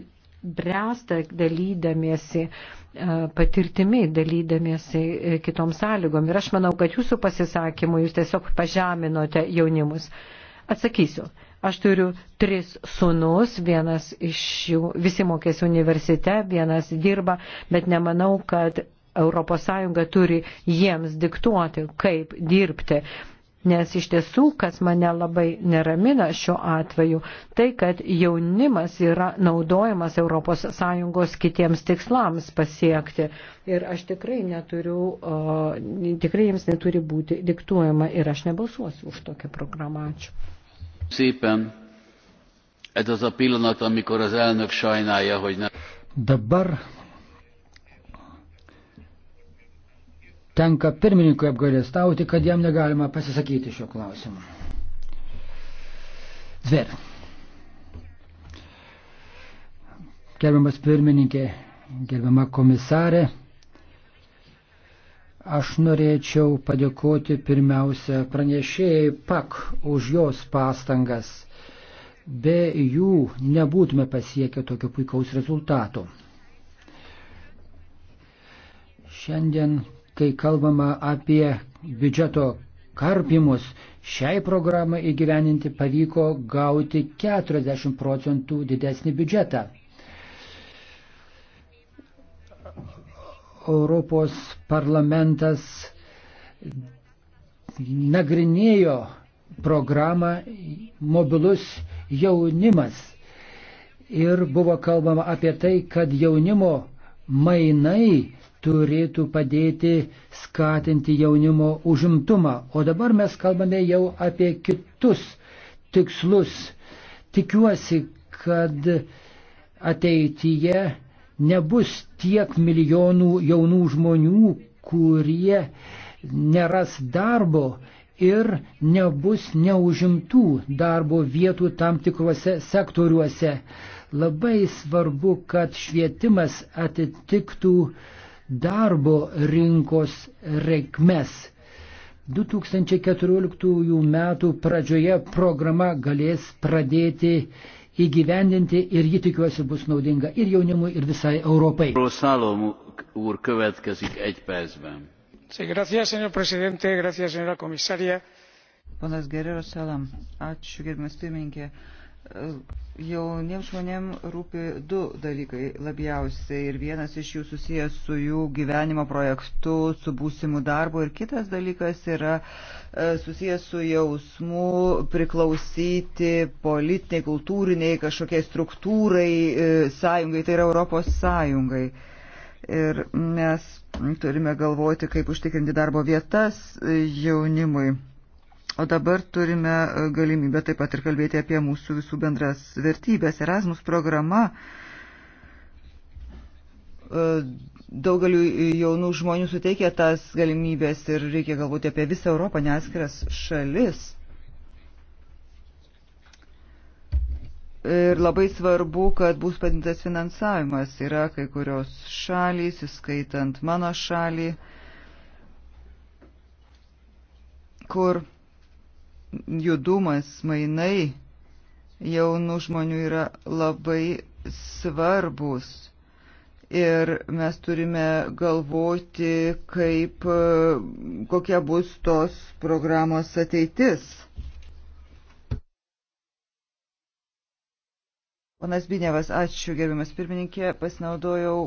bręsta dalydamiesi e, patirtimi, dalydamiesi e, kitom sąlygom. Ir aš manau, kad jūsų pasisakymu jūs tiesiog pažeminote jaunimus. Atsakysiu. Aš turiu tris sunus, vienas iš jų, visi mokėsi universite, vienas dirba, bet nemanau, kad ES turi jiems diktuoti, kaip dirbti. Nes iš tiesų, kas mane labai neramina šiuo atveju, tai kad jaunimas yra naudojamas ES kitiems tikslams pasiekti. Ir aš tikrai neturiu, o, tikrai jiems neturi būti diktuojama ir aš nebalsuosiu už tokią programą. Ačiū. Szépen. Ez az a pillanat, amikor az elnök sajnálja, hogy nem. Dabar tenka pirmininkui apgailestauti, kad jam negalima pasisakyti šio klausimu. Zver. Gerbiamas pirmininkė, gerbiama komisarė, aš norėčiau padėkoti pirmiausia pranešėjai PAK už jos pastangas. Be jų nebūtume pasiekę tokio puikaus rezultato. Šiandien kai kalbama apie biudžeto karpimus, šiai programai įgyveninti pavyko gauti 40 procentų didesnį biudžetą. Europos parlamentas nagrinėjo programą mobilus jaunimas ir buvo kalbama apie tai, kad jaunimo mainai turėtų padėti skatinti jaunimo užimtumą. O dabar mes kalbame jau apie kitus tikslus. Tikiuosi, kad ateityje nebus tiek milijonų jaunų žmonių, kurie neras darbo ir nebus neužimtų darbo vietų tam tikruose sektoriuose. Labai svarbu, kad švietimas atitiktų uh, darbo rinkos reikmes. 2014 m. pradžioje programa galės pradėti įgyvendinti ir ji tikiuosi bus naudinga ir jaunimui, ir visai Europai. Ponas Gerero Salam, ačiū gerbimas pirmininkė. Jauniems žmonėm rūpi du dalykai labiausiai ir vienas iš jų susijęs su jų gyvenimo projektu, su būsimu darbu ir kitas dalykas yra e, susijęs su jausmu priklausyti politiniai, kultūriniai kažkokiai struktūrai, e, sąjungai, tai yra Europos sąjungai ir mes turime galvoti, kaip užtikrinti darbo vietas e, jaunimui. O dabar turime e, galimybę taip pat ir kalbėti apie mūsų visų bendras vertybės. Erasmus programa e, daugeliu jaunų žmonių suteikia tas galimybės ir reikia galvoti apie visą Europą, ne atskiras šalis. Ir labai svarbu, kad bus padintas finansavimas. Yra kai kurios šalys, įskaitant mano šalį, kur judumas, mainai jaunų žmonių yra labai svarbus. Ir mes turime galvoti, kaip, kokia bus tos programos ateitis. Ponas Binevas, ačiū gerbiamas pirmininkė, pasinaudojau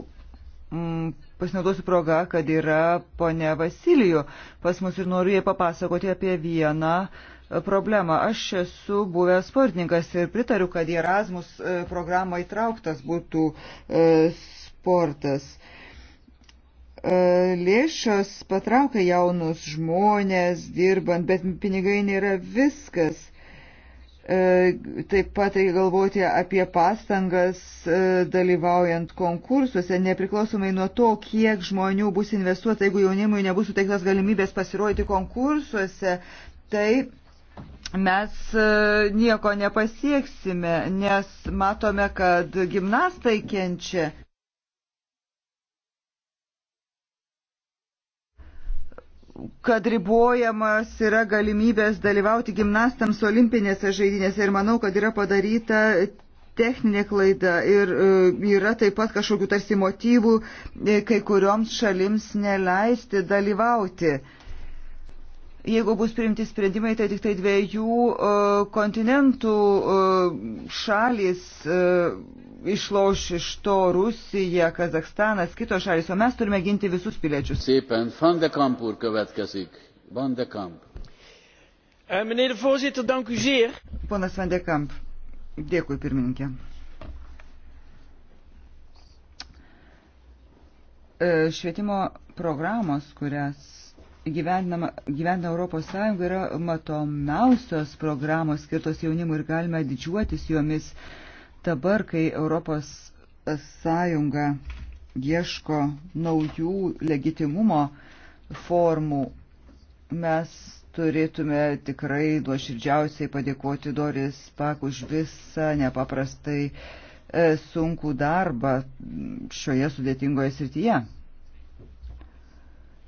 mm, pasinaudosiu progą, kad yra ponia Vasilijų pas mus ir noriu jai papasakoti apie vieną uh, problemą. Aš esu buvęs sportininkas ir pritariu, kad į Erasmus e, programą įtrauktas būtų e, sportas. E, lėšos patraukia jaunus žmonės dirbant, bet pinigai nėra viskas. Taip pat reikia galvoti apie pastangas dalyvaujant konkursuose, nepriklausomai nuo to, kiek žmonių bus investuota, jeigu jaunimui nebus suteiktas galimybės pasirodyti konkursuose, tai mes e, nieko nepasieksime, nes matome, kad gimnastai kenčia. kad ribojamas yra galimybės dalyvauti gimnastams olimpinėse žaidynėse ir manau, kad yra padaryta techninė klaida ir e, yra taip pat kažkokių tarsi motyvų e, kai kurioms šalims neleisti dalyvauti. Jeigu bus priimti sprendimai, tai tik tai dviejų e, kontinentų e, šalis e, išloš iš to Rusija, Kazakstanas, kitos šalis, o mes turime ginti visus piliečius. Sėpen, van de Kampur következik. Van de Kamp. Eh, meneer de voorzitter, dank u zeer. Ponas van de Kamp, dėkui pirmininkė. Eh, švietimo programos, kurias gyvenama Europos Sąjunga yra matomiausios programos skirtos jaunimui ir galime didžiuotis jomis dabar, kai Europos Sąjunga ieško naujų legitimumo formų. Mes turėtume tikrai duoširdžiausiai padėkoti Doris Pak už visą nepaprastai e, sunkų darbą šioje sudėtingoje srityje.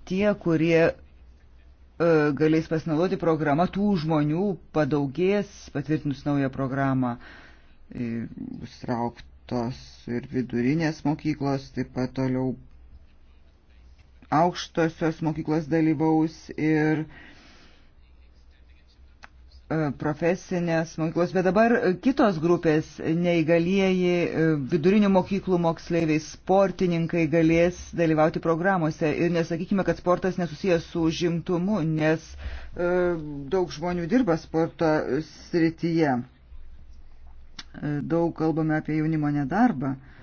Tie, kurie E, galės pasinaudoti programą, tų žmonių padaugės patvirtinus naują programą. E, bus rauktos ir vidurinės mokyklos, taip pat toliau aukštosios mokyklos dalyvaus ir uh, E, profesinės mokyklos, bet dabar kitos grupės neįgalieji e, vidurinių mokyklų moksleiviai, sportininkai galės dalyvauti programuose. Ir nesakykime, kad sportas nesusijęs su žimtumu, nes e, daug žmonių dirba sporto srityje. E, daug kalbame apie jaunimo nedarbą. E,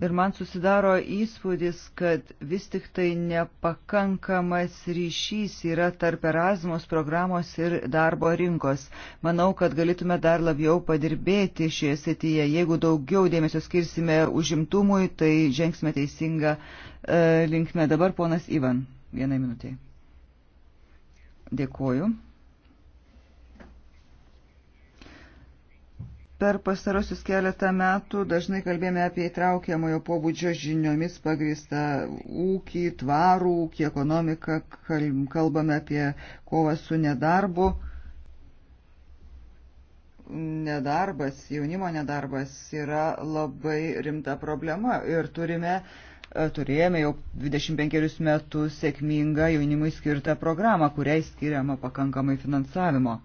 Ir man susidaro įspūdis, kad vis tik tai nepakankamas ryšys yra tarp Erasmus programos ir darbo rinkos. Manau, kad galėtume dar labiau padirbėti šioje srityje. Jeigu daugiau dėmesio skirsime užimtumui, tai žengsime teisingą e, linkme. Dabar ponas Ivan, vienai minutiai. Dėkuoju. Per pastarosius keletą metų dažnai kalbėjome apie įtraukiamojo pobūdžio žiniomis pagrįstą ūkį, tvarų ūkį, ekonomiką, kalbame apie kovą su nedarbu. Nedarbas, jaunimo nedarbas yra labai rimta problema ir turime e, turėjome jau 25 metų sėkmingą jaunimui skirtą programą, kuriai skiriama pakankamai finansavimo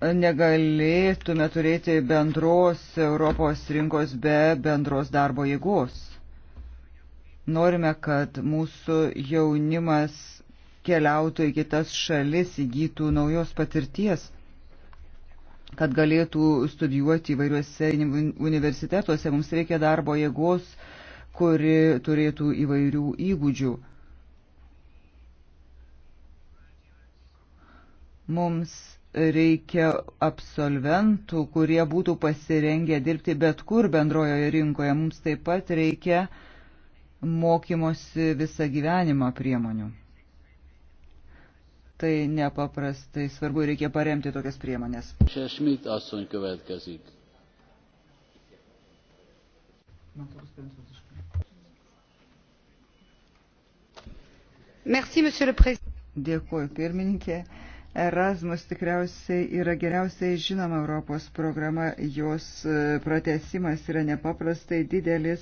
negalėtume turėti bendros Europos rinkos be bendros darbo jėgos. Norime, kad mūsų jaunimas keliautų į kitas šalis, įgytų naujos patirties, kad galėtų studijuoti įvairiuose universitetuose. Mums reikia darbo jėgos, kuri turėtų įvairių įgūdžių. Mums reikia absolventų, kurie būtų pasirengę dirbti bet kur bendrojoje rinkoje. Mums taip pat reikia mokymosi visą gyvenimą priemonių. Tai nepaprastai svarbu, reikia paremti tokias priemonės. Šešmit asun következik. Merci, monsieur le président. Dėkuoju, pirmininkė. Erasmus tikriausiai yra geriausiai žinoma Europos programa, jos e, pratesimas yra nepaprastai didelis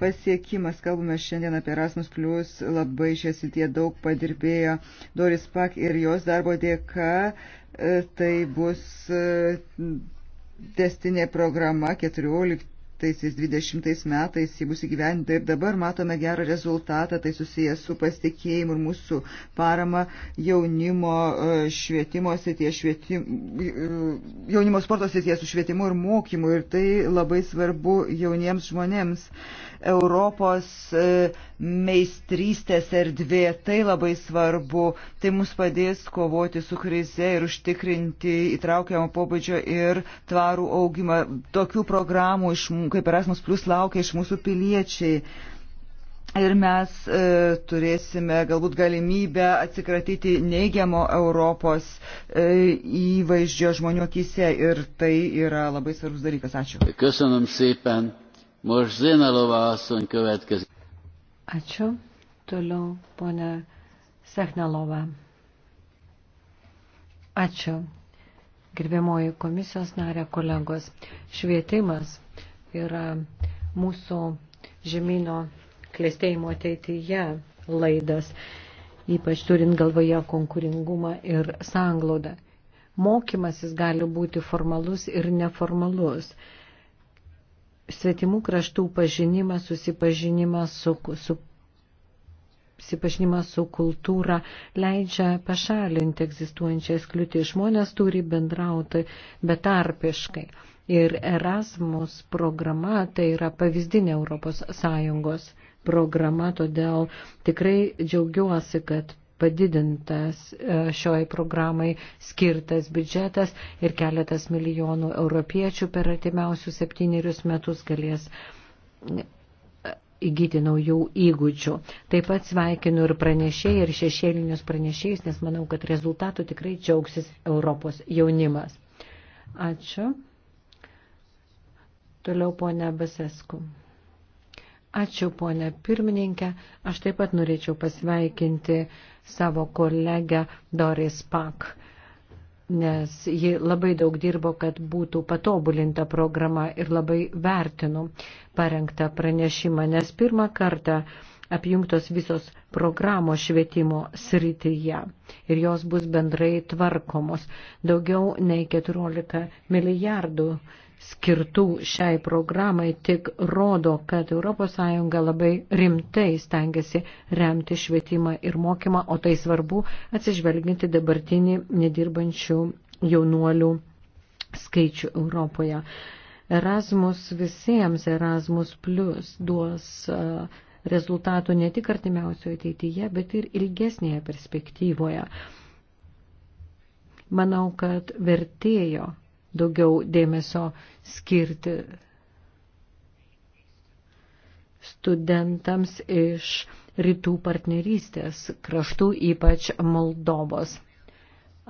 pasiekimas. Kalbame šiandien apie Erasmus, plus labai šiasi tie daug padirbėjo Doris Pak ir jos darbo dėka e, tai bus e, testinė programa 14 19-20 metais ji bus įgyvendinta ir dabar matome gerą rezultatą, tai susijęs su pasitikėjimu ir mūsų parama jaunimo e, švietimo srityje, švietim, e, jaunimo sporto srityje su švietimu ir mokymu ir tai labai svarbu jauniems žmonėms. Europos e, meistrystės erdvė, tai labai svarbu, tai mus padės kovoti su krize ir užtikrinti įtraukiamą pobūdžio ir tvarų augimą. Tokių programų iš kaip Erasmus Plus laukia iš mūsų piliečiai. Ir mes e, turėsime galbūt galimybę atsikratyti neigiamo Europos e, įvaizdžio žmonių akise ir tai yra labai svarbus dalykas. Ačiū. Köszönöm szépen. Most Zinalova asszony következik. Ačiū. Toliau ponia Sechnalova. Ačiū. Gerbiamoji komisijos narė kolegos. Švietimas yra mūsų žemino klėstėjimo ateityje laidas, ypač turint galvoje konkuringumą ir sanglodą. Mokymasis gali būti formalus ir neformalus. Svetimų kraštų pažinimas, susipažinimas su, su susipažinimas su kultūra leidžia pašalinti egzistuojančias kliūtis. Žmonės turi bendrauti betarpiškai. Ir Erasmus programa tai yra pavyzdinė ES programa, todėl tikrai džiaugiuosi, kad padidintas e, šioj programai skirtas biudžetas ir keletas milijonų europiečių per artimiausius septynerius metus galės e, įgyti naujų įgūdžių. Taip pat sveikinu ir pranešėjai, ir šešėlinius pranešėjus, nes manau, kad rezultatų tikrai džiaugsis Europos jaunimas. Ačiū. Toliau ponia Basesku. Ačiū, ponė pirmininkė. Aš taip pat norėčiau pasveikinti savo kolegę Doris Pak, nes ji labai daug dirbo, kad būtų patobulinta programa ir labai vertinu parengtą pranešimą, nes pirmą kartą apjungtos visos programos švietimo srityje ir jos bus bendrai tvarkomos. Daugiau nei 14 milijardų skirtų šiai programai tik rodo, kad ES labai rimtai stengiasi remti švietimą ir mokymą, o tai svarbu atsižvelginti dabartinį nedirbančių jaunuolių skaičių Europoje. Erasmus visiems, Erasmus plus duos rezultatų ne tik artimiausioje ateityje, bet ir ilgesnėje perspektyvoje. Manau, kad vertėjo daugiau dėmesio skirti studentams iš rytų partnerystės kraštų, ypač Moldovos.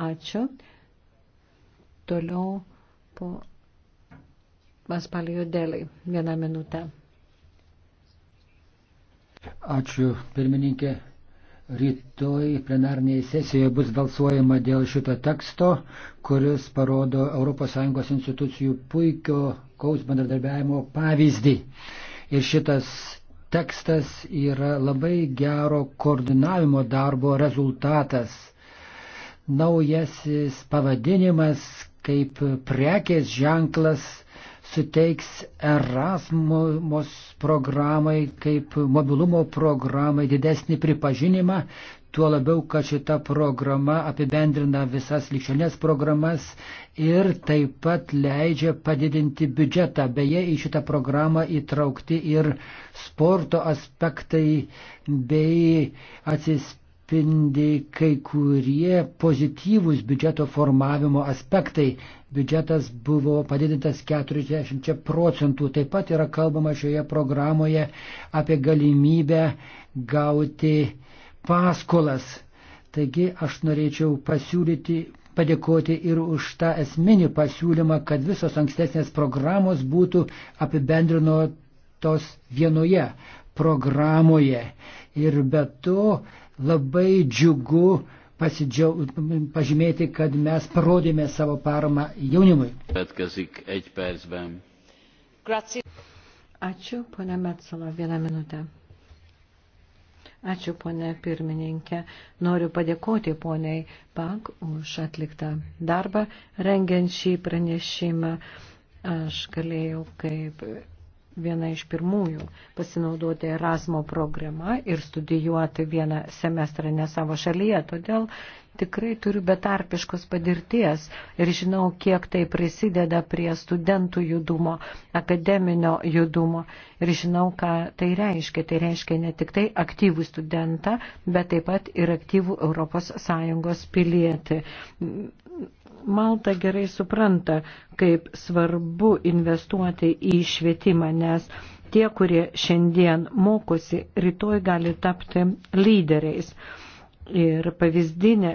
Ačiū. Toliau po Vaspalijo dėlai. Vieną minutę. Ačiū, pirmininkė. Rytoj plenarnėje sesijoje bus balsuojama dėl šito teksto, kuris parodo ES institucijų puikio kaus bendradarbiavimo pavyzdį. Ir šitas tekstas yra labai gero koordinavimo darbo rezultatas. Naujasis pavadinimas kaip prekės ženklas suteiks Erasmus programai kaip mobilumo programai didesnį pripažinimą, tuo labiau, kad šita programa apibendrina visas likščionės programas ir taip pat leidžia padidinti biudžetą. Beje, į šitą programą įtraukti ir sporto aspektai bei atsispirti atsispindi kai kurie pozityvūs biudžeto formavimo aspektai. Biudžetas buvo padidintas 40 procentų. Taip pat yra kalbama šioje programoje apie galimybę gauti paskolas. Taigi aš norėčiau pasiūlyti. Padėkoti ir už tą esminį pasiūlymą, kad visos ankstesnės programos būtų apibendrinotos vienoje programoje. Ir be to Labai džiugu pasidžiau, pažymėti, kad mes parodėme savo paramą jaunimui. Ačiū, ponia Metsola, vieną minutę. Ačiū, ponė pirmininkė. Noriu padėkoti poniai Pak už atliktą darbą, rengiant šį pranešimą. Aš galėjau kaip viena iš pirmųjų pasinaudoti Erasmo programą ir studijuoti vieną semestrą ne savo šalyje. Todėl tikrai turiu betarpiškos padirties ir žinau, kiek tai prisideda prie studentų judumo, akademinio judumo ir žinau, ką tai reiškia. Tai reiškia ne tik tai aktyvų studentą, bet taip pat ir aktyvų ES pilietį. Malta gerai supranta, kaip svarbu investuoti į švietimą, nes tie, kurie šiandien mokosi, rytoj gali tapti lyderiais ir pavyzdinė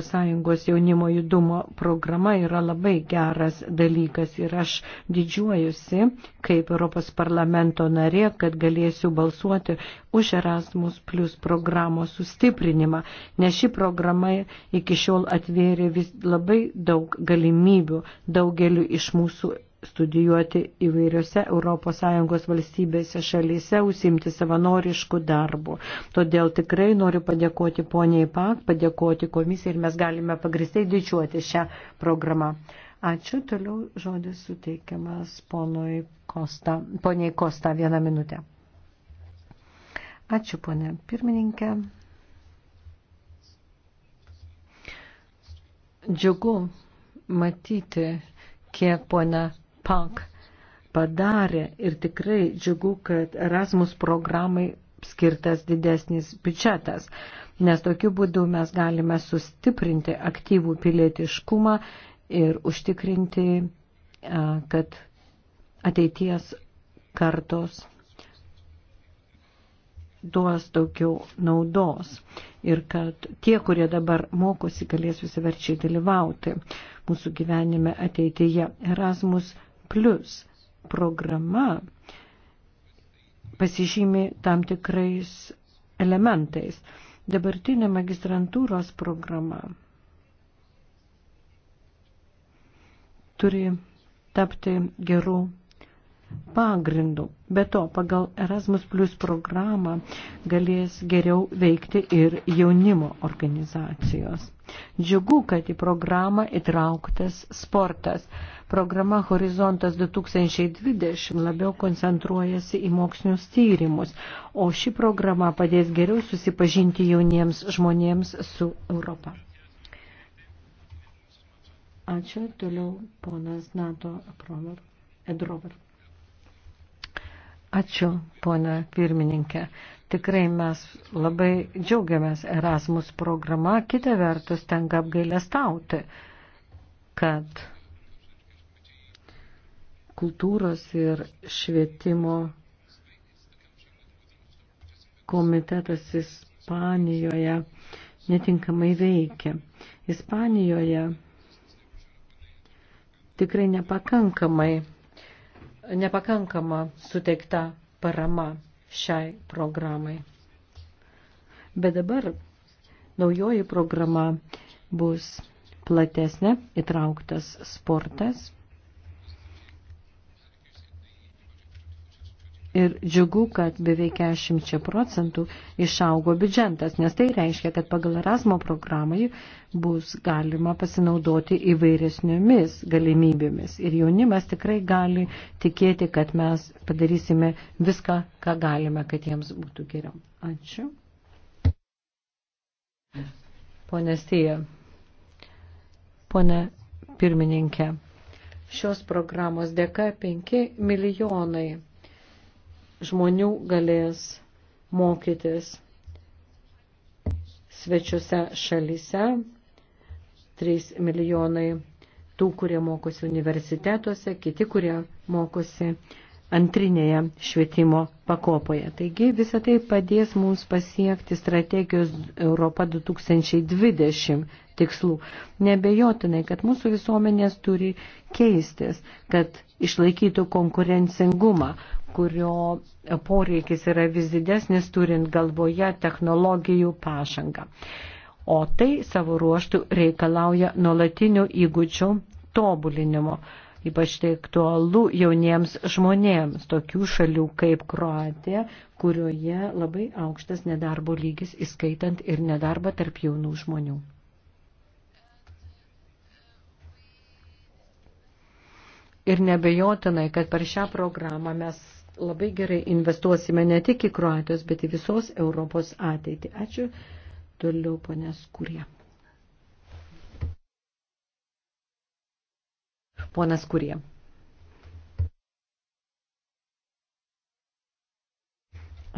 ES jaunimo judumo programa yra labai geras dalykas ir aš didžiuojusi kaip Europos parlamento narė, kad galėsiu balsuoti už Erasmus Plus programos sustiprinimą, nes ši programa iki šiol atvėrė vis labai daug galimybių daugeliu iš mūsų studijuoti įvairiose ES valstybėse šalyse, užsimti savanoriškų darbų. Todėl tikrai noriu padėkoti poniai PAK, padėkoti komisijai ir mes galime pagristai didžiuoti šią programą. Ačiū, toliau žodis suteikiamas ponui Kosta, poniai Kosta, vieną minutę. Ačiū, ponė pirmininkė. Džiugu matyti, kiek ponė Pak padarė ir tikrai džiugu, kad Erasmus programai skirtas didesnis biudžetas, nes tokiu būdu mes galime sustiprinti aktyvų pilietiškumą ir užtikrinti, kad ateities kartos duos daugiau naudos ir kad tie, kurie dabar mokosi, galės visaverčiai dalyvauti mūsų gyvenime ateityje. Erasmus plus programa pasižymi tam tikrais elementais. Dabartinė magistrantūros programa turi tapti gerų pagrindų. Be to, pagal Erasmus Plus programą galės geriau veikti ir jaunimo organizacijos. Džiugu, kad į programą įtrauktas sportas. Programa Horizontas 2020 labiau koncentruojasi į mokslinius tyrimus, o ši programa padės geriau susipažinti jauniems žmonėms su Europa. Ačiū. Toliau ponas NATO Prover, Edrover. Ačiū, pona pirmininkė. Tikrai mes labai džiaugiamės Erasmus programa, kita vertus tenka apgailestauti, kad kultūros ir švietimo komitetas Ispanijoje netinkamai veikia. Ispanijoje tikrai nepakankamai, nepakankama suteikta parama šiai programai. Bet dabar naujoji programa bus platesnė, įtrauktas sportas Ir džiugu, kad beveik 40 procentų išaugo biudžetas, nes tai reiškia, kad pagal Erasmo programai bus galima pasinaudoti įvairesniomis galimybėmis. Ir jaunimas tikrai gali tikėti, kad mes padarysime viską, ką galime, kad jiems būtų geriau. Ačiū. Pone Stija. Pone pirmininkė. Šios programos dėka 5 milijonai žmonių galės mokytis svečiuose šalyse, 3 milijonai tų, kurie mokosi universitetuose, kiti, kurie mokosi antrinėje švietimo pakopoje. Taigi visą tai padės mums pasiekti strategijos Europa 2020 tikslų. Nebejotinai, kad mūsų visuomenės turi keistis, kad išlaikytų konkurencingumą, kurio poreikis yra vis didesnis, turint galvoje technologijų pažangą. O tai savo ruoštų reikalauja nuolatinių įgūdžių tobulinimo, ypač tai aktualu jauniems žmonėms, tokių šalių kaip Kroatija, kurioje labai aukštas nedarbo lygis, įskaitant ir nedarbą tarp jaunų žmonių. Ir nebejotinai, kad per šią programą mes labai gerai investuosime ne tik į Kroatijos, bet į visos Europos ateitį. Ačiū. Toliau ponės Kurie. Ponas Kurie.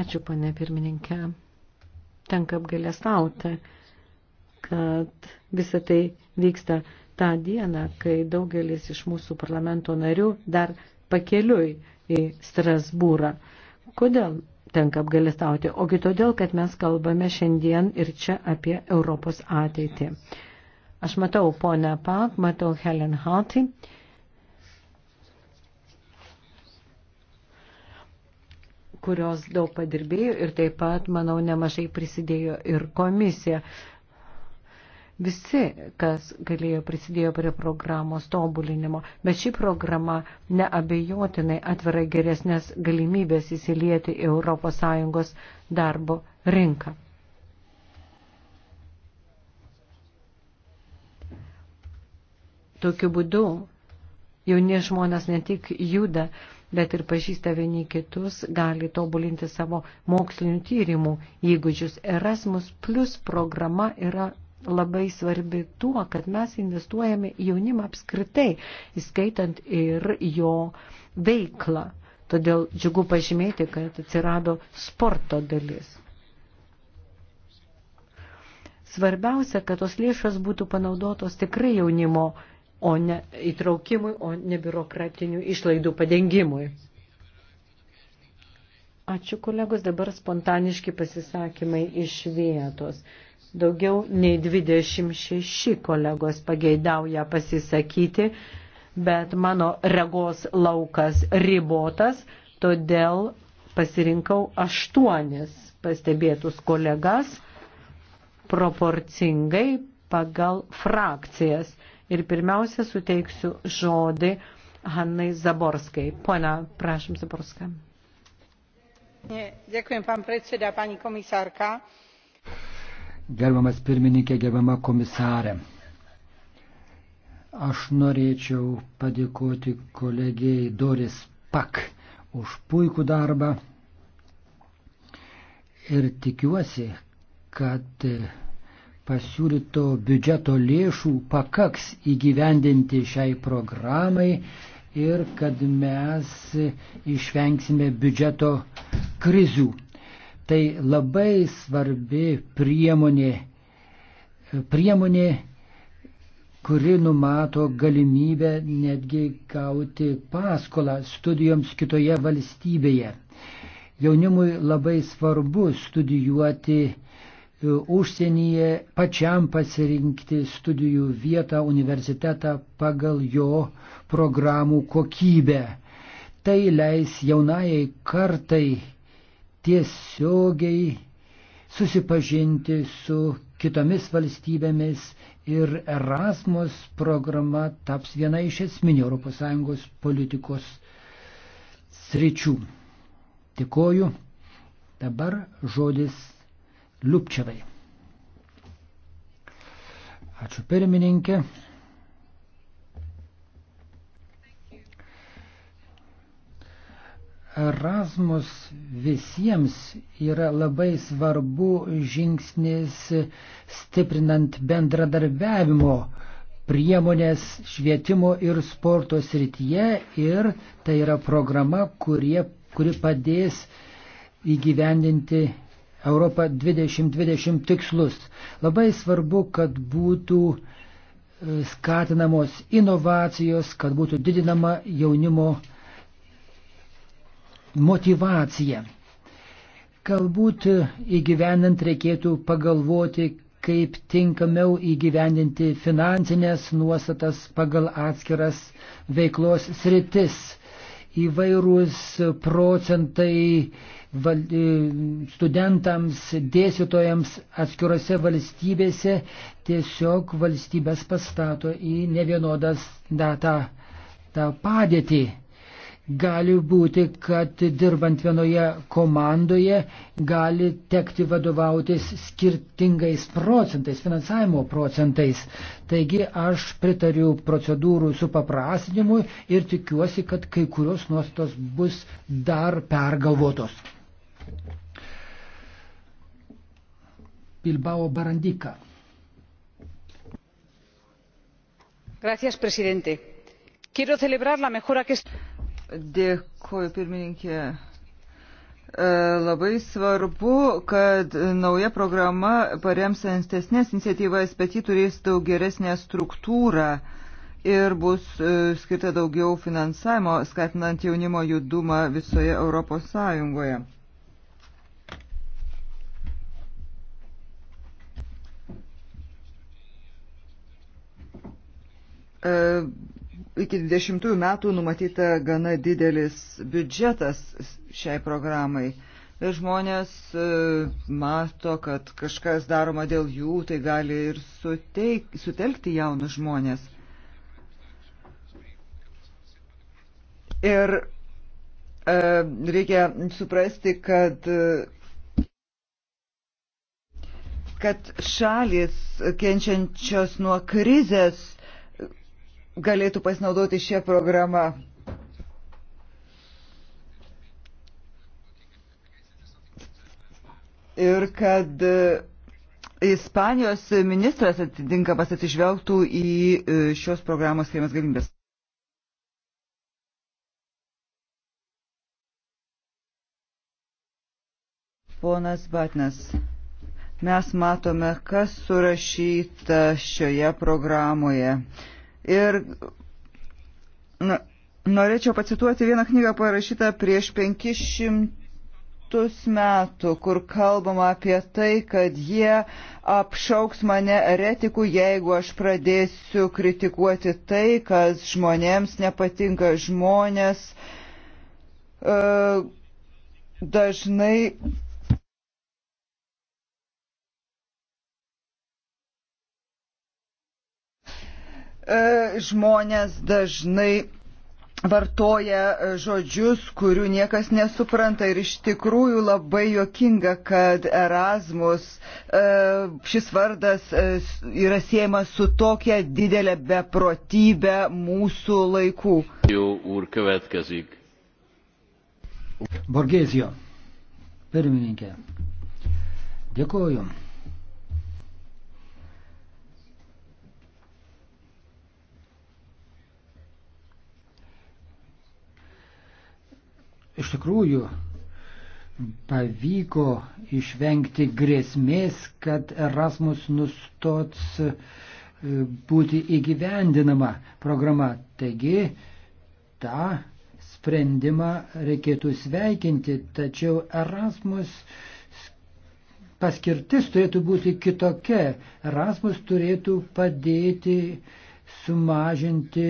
Ačiū, ponė pirmininkė. Tenka apgailestauti, kad visa tai vyksta tą dieną, kai daugelis iš mūsų parlamento narių dar pakeliui į Strasbūrą. Kodėl tenka apgalestauti? Ogi todėl, kad mes kalbame šiandien ir čia apie Europos ateitį. Aš matau ponę Pak, matau Helen Harty. kurios daug padirbėjo ir taip pat, manau, nemažai prisidėjo ir komisija visi, kas galėjo prisidėjo prie programos tobulinimo, bet ši programa neabejotinai atverai geresnės galimybės įsilieti į ES darbo rinką. Tokiu būdu jauni žmonės ne tik juda, bet ir pažįsta vieni kitus, gali tobulinti savo mokslinių tyrimų įgūdžius. Erasmus plus programa yra labai svarbi tuo, kad mes investuojame jaunimą apskritai, įskaitant ir jo veiklą. Todėl džiugu pažymėti, kad atsirado sporto dalis. Svarbiausia, kad tos lėšas būtų panaudotos tikrai jaunimo, o ne įtraukimui, o ne biurokratinių išlaidų padengimui. Ačiū kolegos, dabar spontaniški pasisakymai iš vietos. Daugiau nei 26 kolegos pageidauja pasisakyti, bet mano regos laukas ribotas, todėl pasirinkau aštuonis pastebėtus kolegas proporcingai pagal frakcijas. Ir pirmiausia, suteiksiu žodį Hannai Zaborskai. Pone, prašom Zaborską. Dėkujem, pan predseda, pani komisarka. Gerbiamas pirmininkė, gerbiama komisarė. Aš norėčiau padėkoti kolegijai Doris Pak už puikų darbą ir tikiuosi, kad pasiūlyto biudžeto lėšų pakaks įgyvendinti šiai programai ir kad mes išvengsime biudžeto krizių. Tai labai svarbi priemonė, priemonė, kuri numato galimybę netgi gauti paskolą studijoms kitoje valstybėje. Jaunimui labai svarbu studijuoti e, užsienyje pačiam pasirinkti studijų vietą, universitetą pagal jo programų kokybę. Tai leis jaunajai kartai tiesiogiai susipažinti su kitomis valstybėmis ir Erasmus programa taps viena iš esminių ES politikos sričių. Tikoju, dabar žodis Liupčiavai. Ačiū pirmininkė. Erasmus visiems yra labai svarbu žingsnis stiprinant bendradarbiavimo priemonės švietimo ir sporto srityje ir tai yra programa, kurie, kuri padės įgyvendinti Europą 2020 tikslus. Labai svarbu, kad būtų e, skatinamos inovacijos, kad būtų didinama jaunimo motivacija. Galbūt įgyvenant reikėtų pagalvoti, kaip tinkamiau įgyvendinti finansinės nuostatas pagal atskiras veiklos sritis. Įvairūs procentai val, e, studentams, dėstytojams atskirose valstybėse tiesiog valstybės pastato į nevienodas datą tą padėtį. Gali būti, kad dirbant vienoje komandoje gali tekti vadovautis skirtingais procentais, finansavimo procentais. Taigi aš pritariu procedūrų supaprastinimui ir tikiuosi, kad kai kurios nuostos bus dar pergalvotos. Bilbao Barandika. Gracias, presidente. Quiero celebrar la mejora que. Dėkuoju, pirmininkė. E, labai svarbu, kad nauja programa parems ankstesnės iniciatyvas, bet ji turės daug geresnę struktūrą ir bus e, skirta daugiau finansavimo, skatinant jaunimo judumą visoje Europos Sąjungoje. E, iki 20 metų numatyta gana didelis biudžetas šiai programai. Ir žmonės e, mato, kad kažkas daroma dėl jų, tai gali ir suteik, sutelkti jaunus žmonės. Ir e, reikia suprasti, kad kad šalis kenčiančios nuo krizės galėtų pasinaudoti šią programą. Ir kad e, Ispanijos ministras atitinkamas atsižvelgtų į e, šios programos skiriamas galimybės. Ponas Batnes, mes matome, kas surašyta šioje programoje. Ir na, norėčiau pacituoti vieną knygą parašytą prieš 500 metų, kur kalbama apie tai, kad jie apšauks mane eretiku, jeigu aš pradėsiu kritikuoti tai, kas žmonėms nepatinka žmonės. Uh, dažnai E, žmonės dažnai vartoja e, žodžius, kurių niekas nesupranta ir iš tikrųjų labai jokinga, kad Erasmus e, šis vardas yra siejamas su tokia didelė beprotybė mūsų laikų. Borgėzijo, pirmininkė, dėkuoju. iš tikrųjų pavyko išvengti grėsmės, kad Erasmus nustots e, būti įgyvendinama programa. Taigi, tą sprendimą reikėtų sveikinti, tačiau Erasmus paskirtis turėtų būti kitokia. Erasmus turėtų padėti sumažinti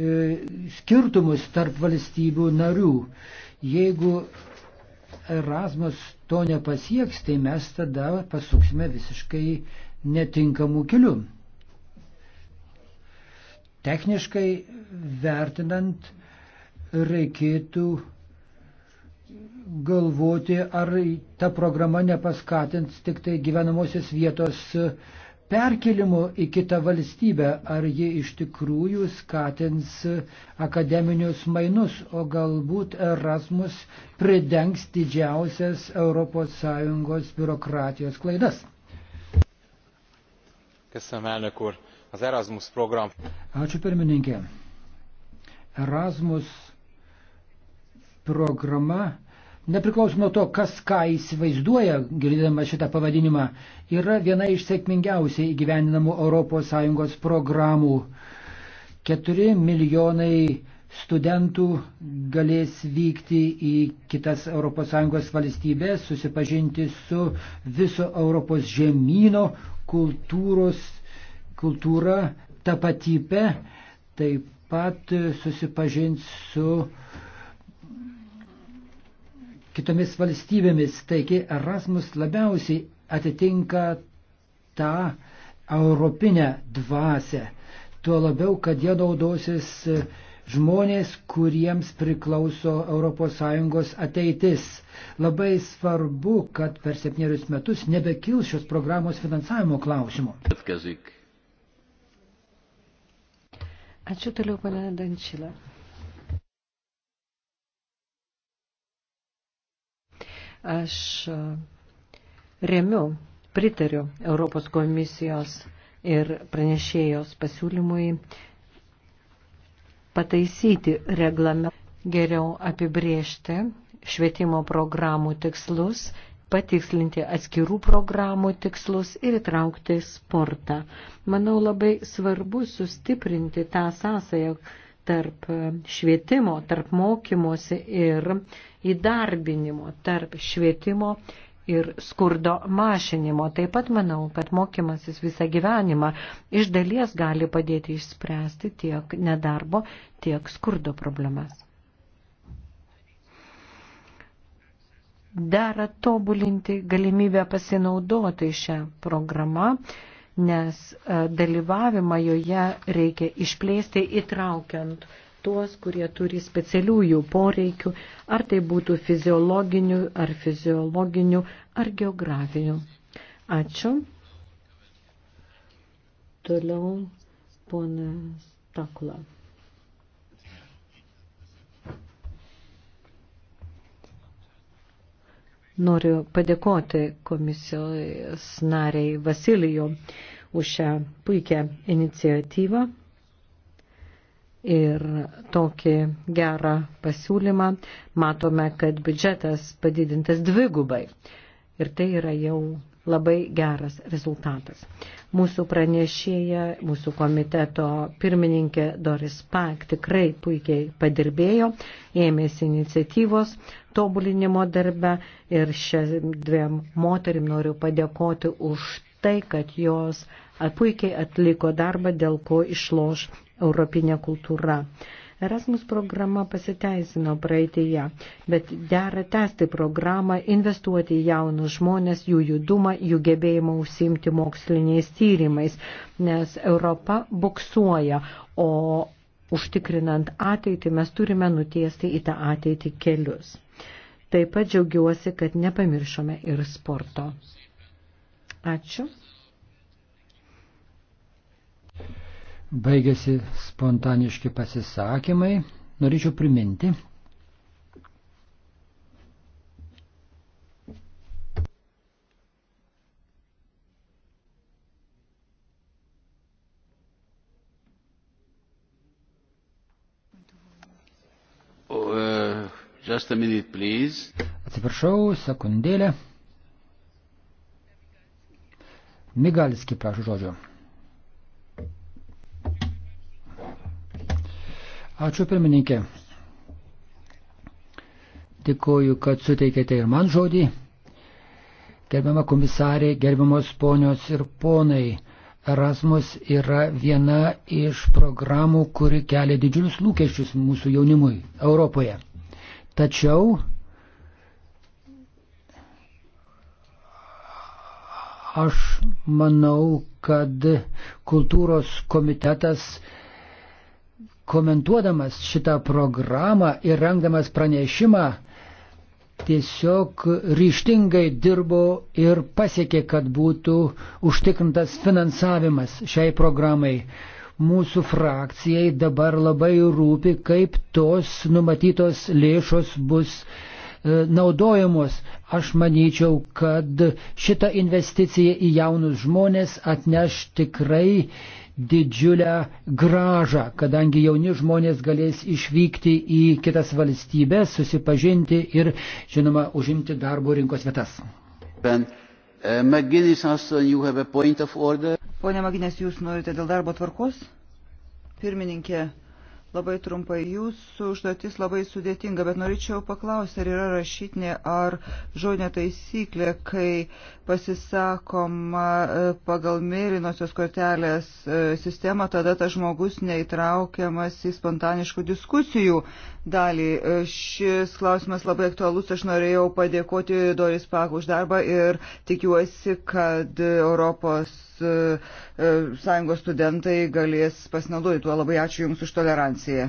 E, skirtumus tarp valstybių narių. Jeigu Erasmus to nepasieks, tai mes tada pasuksime visiškai netinkamų kelių. Techniškai vertinant, reikėtų galvoti, ar ta programa nepaskatins tik tai gyvenamosios vietos uh, perkelimu į kitą valstybę, ar ji iš tikrųjų skatins akademinius mainus, o galbūt Erasmus pridengs didžiausias ES biurokratijos klaidas. Ačiū pirmininkė. Erasmus programa nepriklausom nuo to, kas ką įsivaizduoja, girdėdama šitą pavadinimą, yra viena iš sėkmingiausiai įgyvendinamų ES programų. 4 milijonai studentų galės vykti į kitas ES valstybės, susipažinti su viso Europos žemynų kultūros, kultūra, tapatybe, taip pat susipažinti su uh, kitomis valstybėmis. Taigi Erasmus labiausiai atitinka tą europinę dvasę. Tuo labiau, kad jie naudosis žmonės, kuriems priklauso ES ateitis. Labai svarbu, kad per septynerius metus nebekils šios programos finansavimo klausimo. Ačiū toliau, pana Dančila. Aš e, remiu, pritariu Europos komisijos ir pranešėjos pasiūlymui pataisyti reglamentą, geriau apibriežti švietimo programų tikslus, patikslinti atskirų programų tikslus ir įtraukti sportą. Manau, labai svarbu sustiprinti tą sąsąją tarp švietimo, tarp mokymosi ir uh, įdarbinimo tarp švietimo ir skurdo mašinimo. Taip pat manau, kad mokymasis visą gyvenimą iš dalies gali padėti išspręsti tiek nedarbo, tiek skurdo problemas. Dera tobulinti galimybę pasinaudoti šią programą, nes e, dalyvavimą joje reikia išplėsti įtraukiant tuos, kurie turi specialiųjų poreikių, ar tai būtų fiziologinių, ar fiziologinių, ar geografinių. Ačiū. Toliau ponas Takla. Noriu padėkoti komisijos nariai Vasilijo už šią puikią iniciatyvą ir tokį gerą pasiūlymą. Matome, kad biudžetas padidintas dvigubai. Ir tai yra jau labai geras rezultatas. Mūsų pranešėja, mūsų komiteto pirmininkė Doris Pak tikrai puikiai padirbėjo, ėmėsi iniciatyvos tobulinimo darbe ir šiam dviem moterim noriu padėkoti už tai, kad jos puikiai atliko darbą, dėl ko išloš europinė kultūra. Erasmus programa pasiteisino praeitėje, bet dera tęsti programą, investuoti į jaunus žmonės, jų judumą, jų gebėjimą užsiimti moksliniais tyrimais, nes Europa buksuoja, o užtikrinant ateitį mes turime nutiesti į tą ateitį kelius. Taip pat džiaugiuosi, kad nepamiršome ir sporto. Ačiū. Baigėsi spontaniški pasisakymai. Norėčiau priminti, e, Just a minute, please. Atsiprašau, sekundėlę. Migalski prašo žodžio. Ačiū pirmininkė. Dėkuoju, kad suteikėte ir man žodį. Gerbiama komisarė, gerbiamos ponios ir ponai, Erasmus yra viena iš programų, kuri kelia didžiulius lūkesčius mūsų jaunimui Europoje. Tačiau aš manau, kad kultūros komitetas komentuodamas šitą programą ir rengdamas pranešimą, tiesiog ryštingai dirbo ir pasiekė, kad būtų užtikrintas finansavimas šiai programai. Mūsų frakcijai dabar labai rūpi, kaip tos numatytos lėšos bus e, naudojamos. Aš manyčiau, kad šita investicija į jaunus žmonės atneš tikrai uh, didžiulę gražą, kadangi jauni žmonės galės išvykti į kitas valstybės, susipažinti ir, žinoma, užimti darbo rinkos vietas. Ben. Uh, McGinnis, Pone Maginės, jūs norite dėl darbo tvarkos? Pirmininkė, Labai trumpai, jūsų užduotis labai sudėtinga, bet norėčiau paklausti, ar yra rašytinė ar žodinė taisyklė, kai pasisakoma e, pagal mėlynosios kortelės e, sistemą, tada tas žmogus neįtraukiamas į spontaniškų diskusijų dalį. E, šis klausimas labai aktualus, aš norėjau padėkoti Doris Pak už darbą ir tikiuosi, kad Europos E, e, sąjungos studentai galės pasinaudoti tuo. Labai ačiū Jums už toleranciją.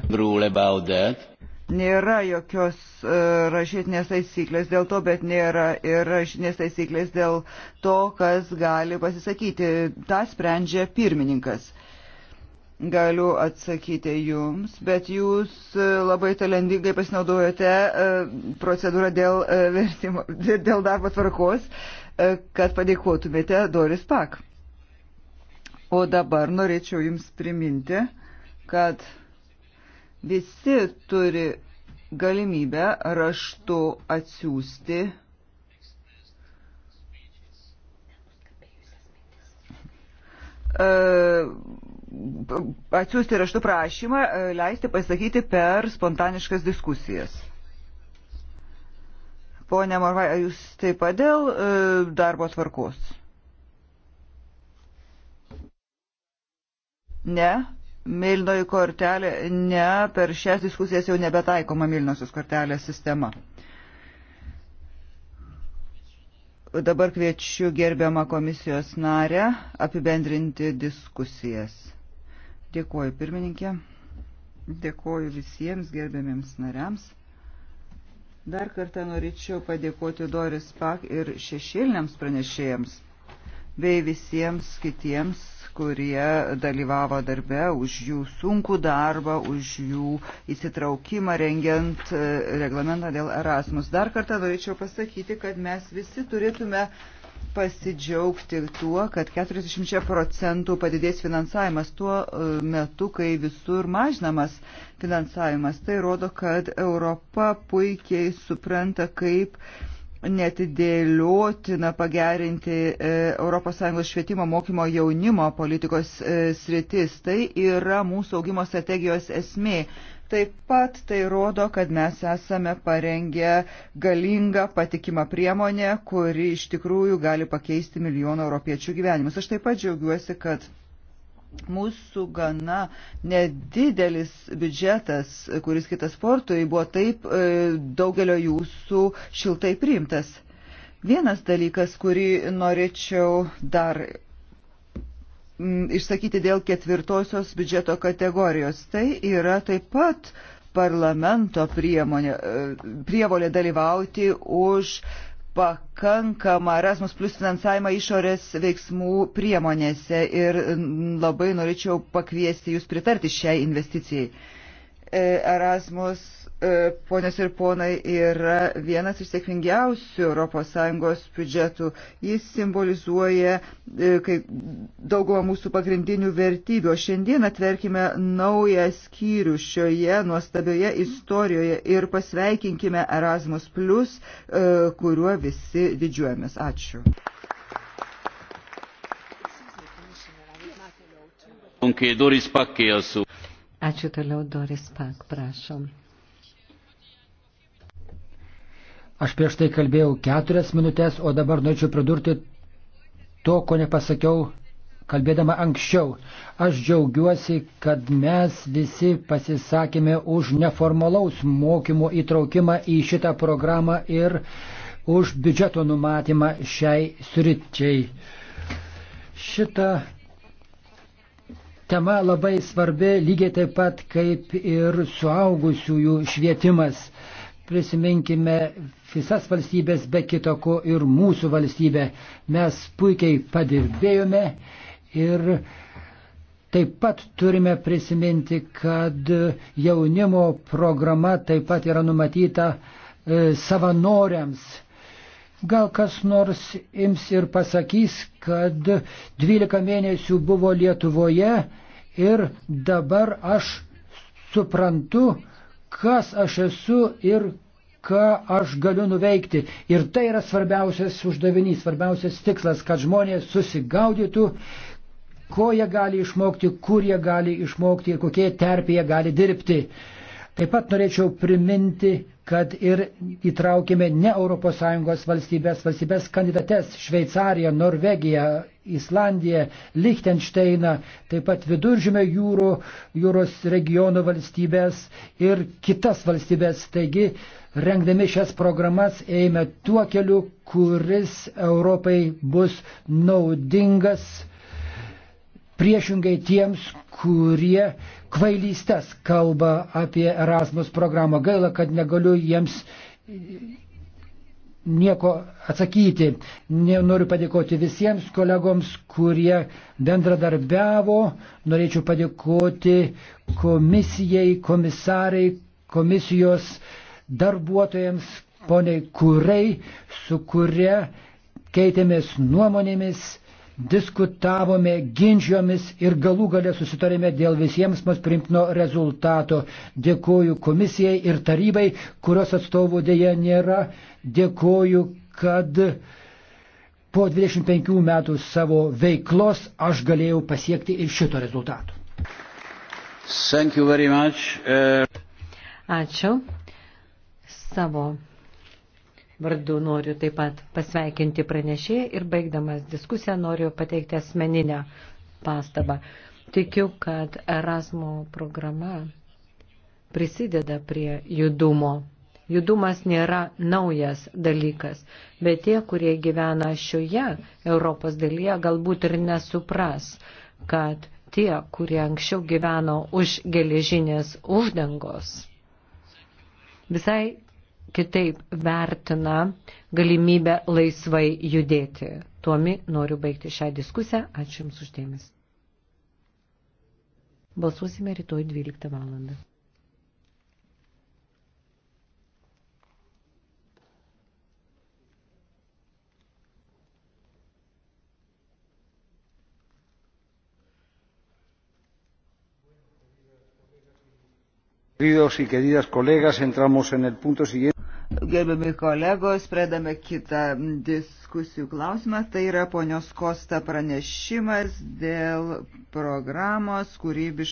Nėra jokios e, rašytinės taisyklės dėl to, bet nėra ir rašytinės taisyklės dėl to, kas gali pasisakyti. Ta sprendžia pirmininkas galiu atsakyti jums, bet jūs labai talentingai pasinaudojate procedūrą dėl, vertimo, dėl darbo tvarkos, kad padėkotumėte Doris Pak. O dabar norėčiau Jums priminti, kad visi turi galimybę raštu atsiųsti e, atsiųsti raštų prašymą, e, leisti pasakyti per spontaniškas diskusijas. Pone Morvai, jūs taip pat dėl e, darbo tvarkos? Ne, mėlynoji kortelė, ne, per šias diskusijas jau nebetaikoma mėlynosios kortelės sistema. Dabar kviečiu gerbiamą komisijos narę apibendrinti diskusijas. Dėkuoju pirmininkė, dėkuoju visiems gerbiamiems nariams. Dar kartą norėčiau padėkoti Doris Pak ir šešėliniams pranešėjams bei visiems kitiems kurie dalyvavo darbe, už jų sunkų darbą, už jų įsitraukimą rengiant e, reglamentą dėl Erasmus. Dar kartą norėčiau pasakyti, kad mes visi turėtume pasidžiaugti tuo, kad 40 procentų padidės finansavimas tuo e, metu, kai visur mažinamas finansavimas. Tai rodo, kad Europa puikiai supranta, kaip uh, netidėliotina pagerinti e, ES švietimo mokymo jaunimo politikos e, sritis. Tai yra mūsų augimo strategijos esmė. Taip pat tai rodo, kad mes esame parengę galingą patikimą priemonę, kuri iš tikrųjų gali pakeisti milijono europiečių gyvenimus. Aš taip pat džiaugiuosi, kad Mūsų gana nedidelis biudžetas, kuris kitas sportui, buvo taip e, daugelio jūsų šiltai priimtas. Vienas dalykas, kurį norėčiau dar išsakyti dėl ketvirtosios biudžeto kategorijos. Tai yra taip pat parlamento priemonė, e, prievolė dalyvauti už pakankamą Erasmus Plus finansavimą išorės veiksmų priemonėse ir labai norėčiau pakviesti jūs pritarti šiai investicijai. E, Erasmus E, ponios ir ponai, yra vienas iš sėkmingiausių ES biudžetų. Jis simbolizuoja e, daugumą mūsų pagrindinių vertybių. O šiandien atverkime naują skyrių šioje nuostabioje istorijoje ir pasveikinkime Erasmus, e, kuriuo visi didžiuojamės. Ačiū. Ačiū toliau, Doris Pak, prašom. Aš prieš tai kalbėjau keturias minutės, o dabar norėčiau pridurti to, ko nepasakiau kalbėdama anksčiau. Aš džiaugiuosi, kad mes visi pasisakėme už neformalaus mokymo įtraukimą į šitą programą ir už biudžeto numatymą šiai sritčiai. Šita tema labai svarbi lygiai taip pat kaip ir suaugusiųjų švietimas. Prisiminkime visas valstybės, be kitoko ir mūsų valstybę. Mes puikiai padirbėjome ir taip pat turime prisiminti, kad jaunimo programa taip pat yra numatyta e, savanoriams. Gal kas nors ims ir pasakys, kad 12 mėnesių buvo Lietuvoje ir dabar aš suprantu, kas aš esu ir ką aš galiu nuveikti. Ir tai yra svarbiausias uždavinys, svarbiausias tikslas, kad žmonės susigaudytų, ko jie gali išmokti, kur jie gali išmokti ir kokie terpėje gali dirbti. Taip pat norėčiau priminti, kad ir įtraukėme ne ES valstybės, valstybės kandidates Šveicariją, Norvegiją, Islandiją, Lichtensteiną, taip pat viduržymio jūrų, jūros regiono valstybės ir kitas valstybės. Taigi, rengdami šias programas, ėjome tuo keliu, kuris Europai bus naudingas priešingai tiems, kurie kvailystes kalba apie Erasmus programą. Gaila, kad negaliu jiems nieko atsakyti. Noriu padėkoti visiems kolegoms, kurie bendradarbiavo. Norėčiau padėkoti komisijai, komisarai, komisijos darbuotojams, poniai Kurei, su kuria keitėmės nuomonėmis diskutavome, ginčiomis ir galų galę susitarėme dėl visiems mums primtino rezultato. Dėkoju komisijai ir tarybai, kurios atstovų dėja nėra. Dėkoju, kad po 25 metų savo veiklos aš galėjau pasiekti ir šito rezultato. Thank you very much. Uh... Ačiū. Savo vardu noriu taip pat pasveikinti pranešėją ir baigdamas diskusiją noriu pateikti asmeninę pastabą. Tikiu, kad Erasmo programa prisideda prie judumo. Judumas nėra naujas dalykas, bet tie, kurie gyvena šioje Europos dalyje, galbūt ir nesupras, kad tie, kurie anksčiau gyveno už geležinės uždangos, visai kitaip vertina galimybę laisvai judėti. Tuomi noriu baigti šią diskusiją. Ačiū Jums uždėmesi. Balsuosime rytoj 12 valandą. Gerbiami kolegos, pradame kitą diskusijų klausimą. Tai yra ponios Kosta pranešimas dėl programos kūrybiškų.